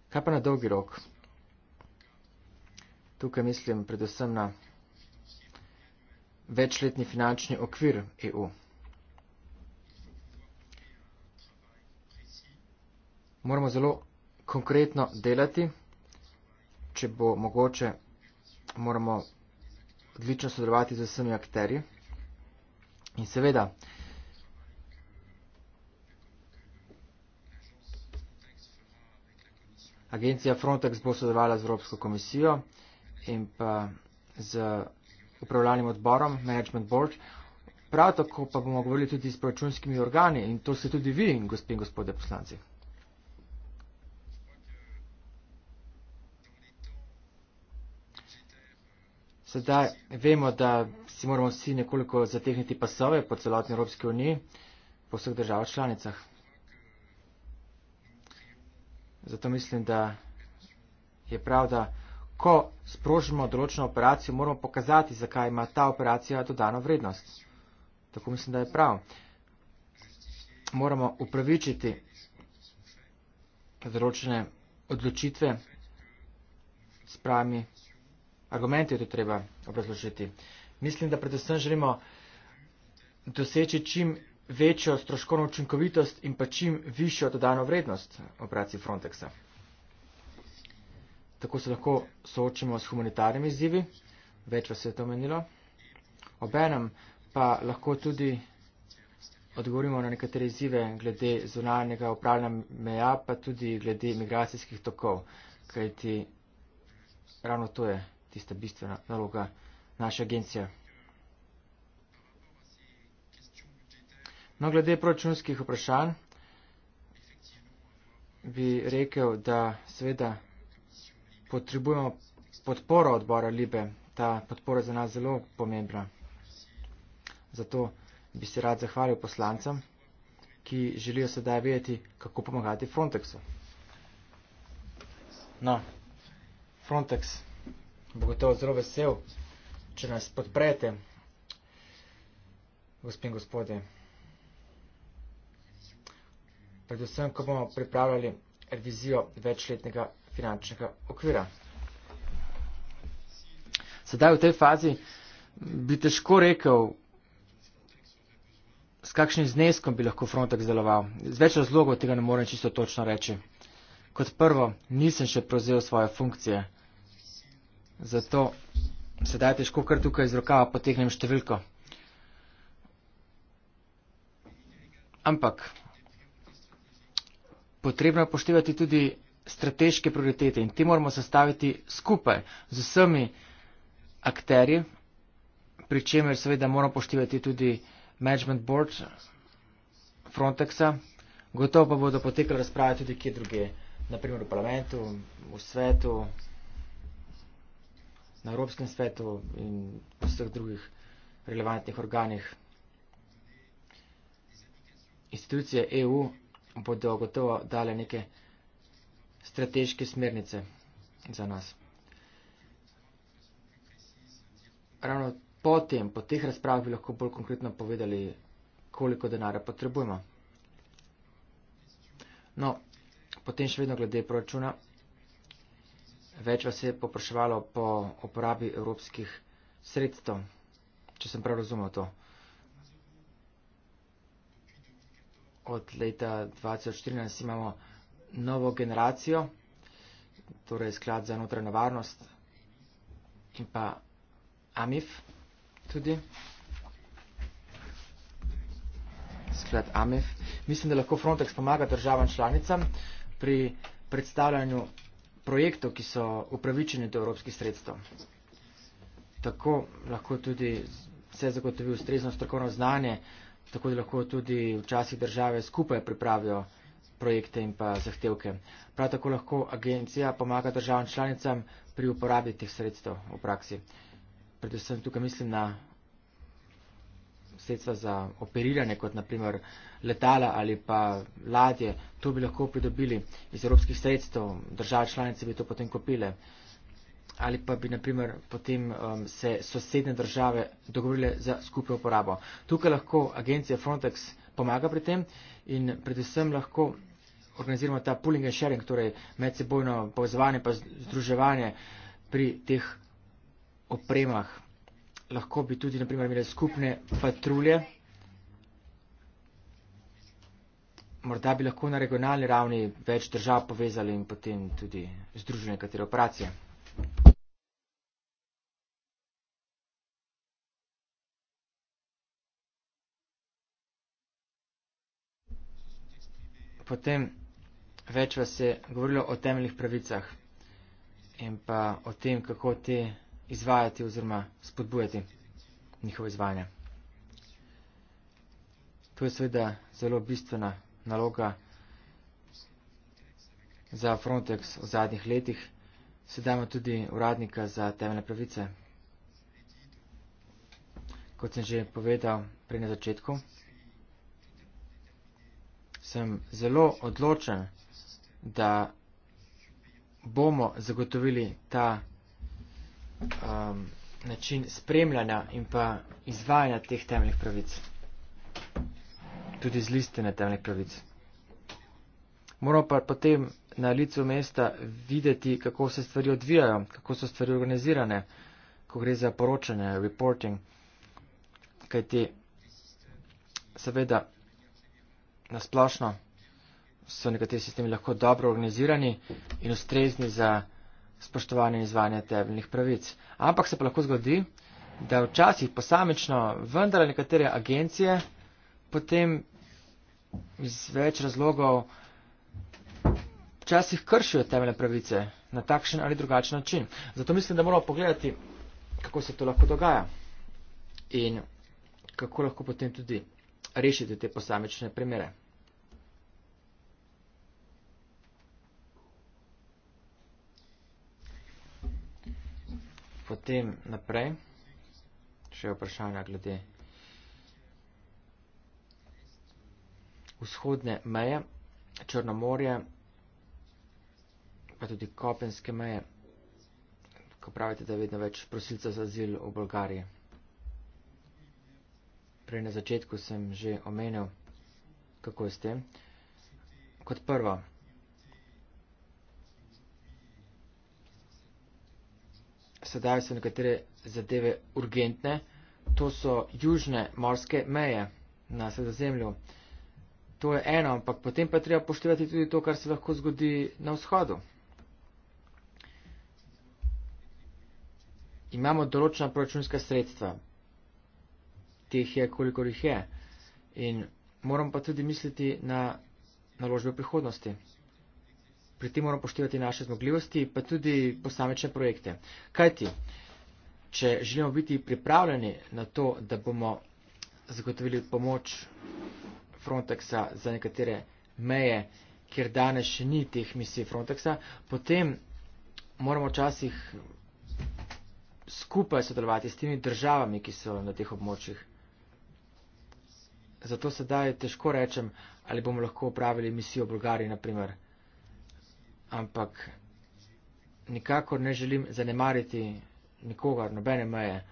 Kaj pa na dolgi rok? Tukaj mislim predvsem na večletni finančni okvir EU. moramo zelo konkretno delati, če bo mogoče, moramo odlično sodelovati z vsemi akterji. In seveda, agencija Frontex bo sodelovala z Evropsko komisijo in pa z upravljalnim odborom, Management Board. Prav tako pa bomo govorili tudi s proračunskimi organi in to ste tudi vi, gospod in gospode poslanci. Sedaj vemo, da si moramo vsi nekoliko zategniti pasove po celotni Evropski uniji, po vseh državah članicah. Zato mislim, da je prav, da ko sprožimo določeno operacijo, moramo pokazati, zakaj ima ta operacija dodano vrednost. Tako mislim, da je prav. Moramo upravičiti določene odločitve s pravimi argumenti je to treba obrazložiti. Mislim, da predvsem želimo doseči čim večjo stroškovno učinkovitost in pa čim višjo dodano vrednost operacij Frontexa. Tako se lahko soočimo s humanitarnimi izzivi, več vas je to menilo. Obenem pa lahko tudi odgovorimo na nekatere izzive glede zunanjega upravljanja meja, pa tudi glede migracijskih tokov, kajti ravno to je tista bistvena naloga naše agencije. No, glede proračunskih vprašanj bi rekel, da seveda potrebujemo podporo odbora Libe. Ta podpora je za nas zelo pomembna. Zato bi se rad zahvalil poslancem, ki želijo sedaj vedeti, kako pomagati Frontexu. No, Frontex bo gotovo zelo vesel, če nas podprete, gospe in gospode. Predvsem, ko bomo pripravljali revizijo večletnega finančnega okvira. Sedaj v tej fazi bi težko rekel, s kakšnim zneskom bi lahko Frontex deloval. Z več razlogov tega ne morem čisto točno reči. Kot prvo, nisem še prevzel svoje funkcije. Zato sedaj težko kar tukaj iz rokava potegnem številko. Ampak potrebno je poštevati tudi strateške prioritete in te moramo sestaviti skupaj z vsemi akterji, pri čemer seveda moramo poštevati tudi management board Frontexa. Gotovo pa bodo potekali razprave tudi kje druge, naprimer v parlamentu, v svetu na Evropskem svetu in vseh drugih relevantnih organih. Institucije EU bodo gotovo dale neke strateške smernice za nas. Ravno potem, po teh razpravah, bi lahko bolj konkretno povedali, koliko denara potrebujemo. No, potem še vedno glede proračuna več vas je popraševalo po uporabi evropskih sredstev, če sem prav razumel to. Od leta 2014 imamo novo generacijo, torej sklad za notranjo varnost in pa AMIF tudi. Sklad AMIF. Mislim, da lahko Frontex pomaga državam članicam pri predstavljanju projektov, ki so upravičeni do evropskih sredstev. Tako lahko tudi se zagotovi ustrezno strokovno znanje, tako da lahko tudi včasih države skupaj pripravijo projekte in pa zahtevke. Prav tako lahko agencija pomaga državam članicam pri uporabi teh sredstev v praksi. Predvsem tukaj mislim na sredstva za operiranje, kot naprimer letala ali pa ladje, to bi lahko pridobili iz evropskih sredstev, države članice bi to potem kupile. Ali pa bi naprimer potem um, se sosedne države dogovorile za skupno uporabo. Tukaj lahko agencija Frontex pomaga pri tem in predvsem lahko organiziramo ta pooling and sharing, torej medsebojno povezovanje pa združevanje pri teh opremah, lahko bi tudi naprimer imeli skupne patrulje. Morda bi lahko na regionalni ravni več držav povezali in potem tudi združene katere operacije. Potem več vas je govorilo o temeljnih pravicah in pa o tem, kako te izvajati oziroma spodbujati njihovo izvajanje. To je seveda zelo bistvena naloga za Frontex v zadnjih letih. Sedaj imamo tudi uradnika za temeljne pravice. Kot sem že povedal pri na začetku, sem zelo odločen, da bomo zagotovili ta um, način spremljanja in pa izvajanja teh temeljnih pravic. Tudi z listene temeljnih pravic. Moramo pa potem na licu mesta videti, kako se stvari odvijajo, kako so stvari organizirane, ko gre za poročanje, reporting. Kaj ti, seveda, nasplošno so nekateri sistemi lahko dobro organizirani in ustrezni za spoštovanja in izvajanja temeljnih pravic. Ampak se pa lahko zgodi, da včasih posamično vendar nekatere agencije potem iz več razlogov včasih kršijo temeljne pravice na takšen ali drugačen način. Zato mislim, da moramo pogledati, kako se to lahko dogaja in kako lahko potem tudi rešiti te posamične primere. Potem naprej, še vprašanja glede vzhodne meje, Črnomorje, pa tudi Kopenske meje, ko pravite, da je vedno več prosilcev za azil v Bolgariji. Prej na začetku sem že omenil, kako je s tem. Kot prvo, sedaj so nekatere zadeve urgentne. To so južne morske meje na sredozemlju. To je eno, ampak potem pa treba poštevati tudi to, kar se lahko zgodi na vzhodu. Imamo določena proračunska sredstva. Teh je, kolikor jih je. In moramo pa tudi misliti na naložbe prihodnosti pri tem moramo poštevati naše zmogljivosti, pa tudi posamečne projekte. Kaj ti, če želimo biti pripravljeni na to, da bomo zagotovili pomoč Frontexa za nekatere meje, kjer danes še ni teh misij Frontexa, potem moramo včasih skupaj sodelovati s temi državami, ki so na teh območjih. Zato sedaj težko rečem, ali bomo lahko upravili misijo v Bolgariji, naprimer ampak nikakor ne želim zanemariti nikogar, nobene meje.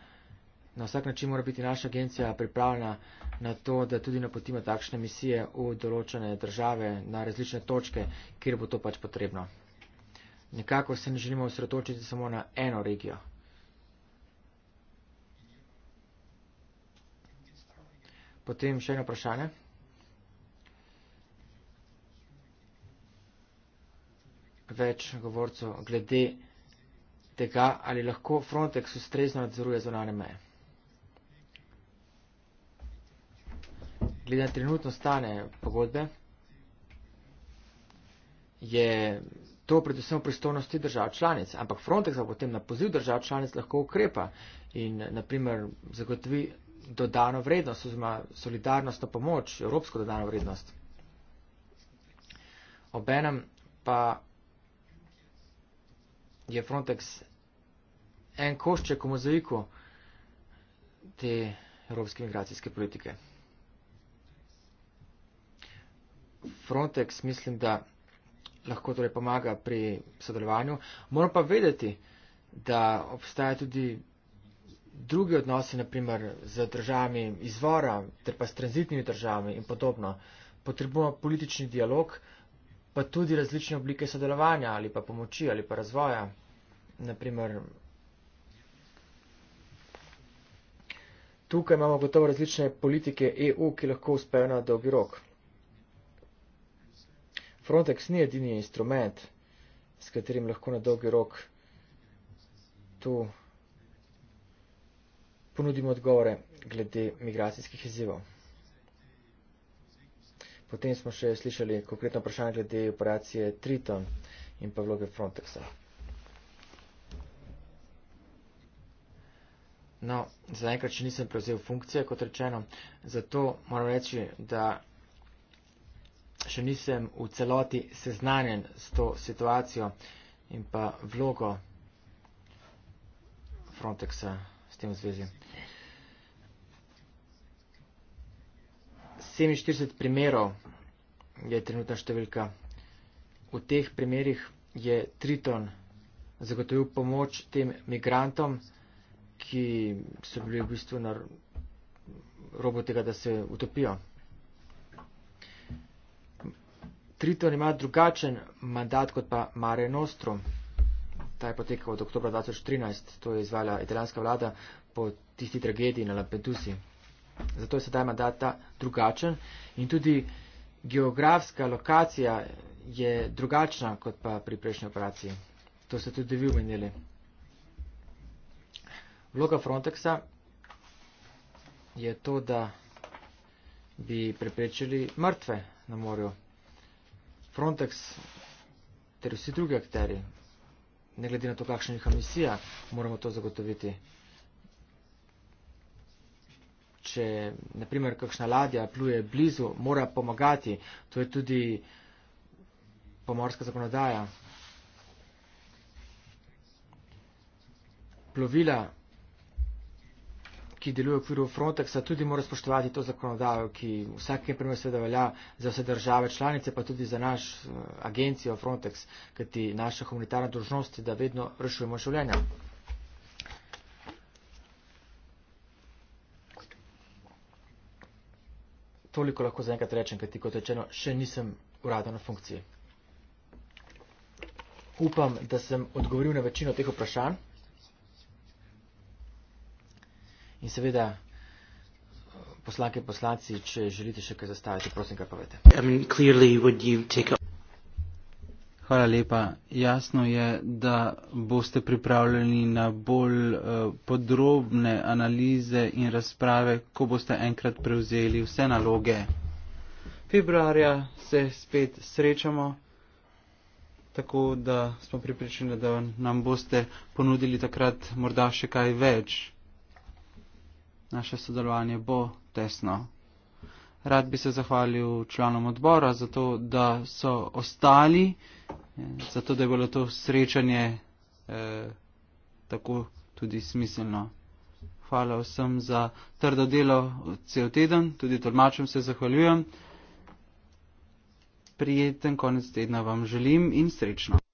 Na vsak način mora biti naša agencija pripravljena na to, da tudi napotimo takšne misije v določene države, na različne točke, kjer bo to pač potrebno. Nekako se ne želimo osredotočiti samo na eno regijo. Potem še eno vprašanje. več govorcev glede tega, ali lahko Frontex ustrezno nadzoruje zonane meje. Glede na trenutno stane pogodbe, je to predvsem v pristojnosti držav članic, ampak Frontex pa potem na poziv držav članic lahko ukrepa in naprimer zagotovi dodano vrednost oziroma solidarnostno pomoč, evropsko dodano vrednost. Obenem pa je Frontex en košček v mozaiku te evropske migracijske politike. Frontex mislim, da lahko torej pomaga pri sodelovanju. Moram pa vedeti, da obstaja tudi drugi odnosi, naprimer z državami izvora, ter pa s tranzitnimi državami in podobno. Potrebujemo politični dialog pa tudi različne oblike sodelovanja ali pa pomoči ali pa razvoja. Naprimer, tukaj imamo gotovo različne politike EU, ki lahko uspejo na dolgi rok. Frontex ni edini instrument, s katerim lahko na dolgi rok tu ponudimo odgovore glede migracijskih izzivov. Potem smo še slišali konkretno vprašanje glede operacije Triton in pa vloge Frontexa. No, zaenkrat še nisem prevzel funkcije, kot rečeno, zato moram reči, da še nisem v celoti seznanjen s to situacijo in pa vlogo Frontexa s tem v zvezi. 47 primerov je trenutna številka. V teh primerih je Triton zagotovil pomoč tem migrantom, ki so bili v bistvu na robu tega, da se utopijo. Triton ima drugačen mandat kot pa Mare Nostrum. Ta je potekal od oktobra 2013, to je izvala italijanska vlada po tisti tragediji na Lampedusi. Zato je sedaj mandata drugačen in tudi geografska lokacija je drugačna kot pa pri prejšnji operaciji. To ste tudi vi omenili. Vloga Frontexa je to, da bi preprečili mrtve na morju. Frontex ter vsi drugi akteri, ne glede na to, kakšna je njihova misija, moramo to zagotoviti če naprimer kakšna ladja pluje blizu, mora pomagati. To je tudi pomorska zakonodaja. Plovila, ki delujejo v okviru Frontexa, tudi mora spoštovati to zakonodajo, ki v vsakem primeru seveda velja za vse države članice, pa tudi za naš eh, agencijo Frontex, kajti naša humanitarna dožnost je, da vedno rešujemo življenja. toliko lahko zaenkrat rečem, kajti kot rečeno, še nisem uradno na funkciji. Upam, da sem odgovoril na večino teh vprašanj in seveda poslanke in poslanci, če želite še kaj zastaviti, prosim, kar povete. I mean, Hvala lepa. Jasno je, da boste pripravljeni na bolj uh, podrobne analize in razprave, ko boste enkrat prevzeli vse naloge. Februarja se spet srečamo, tako da smo pripričani, da nam boste ponudili takrat morda še kaj več. Naše sodelovanje bo tesno. Rad bi se zahvalil članom odbora za to, da so ostali, eh, za to, da je bilo to srečanje eh, tako tudi smiselno. Hvala vsem za trdo delo cel teden, tudi tolmačem se zahvaljujem. Prijeten konec tedna vam želim in srečno.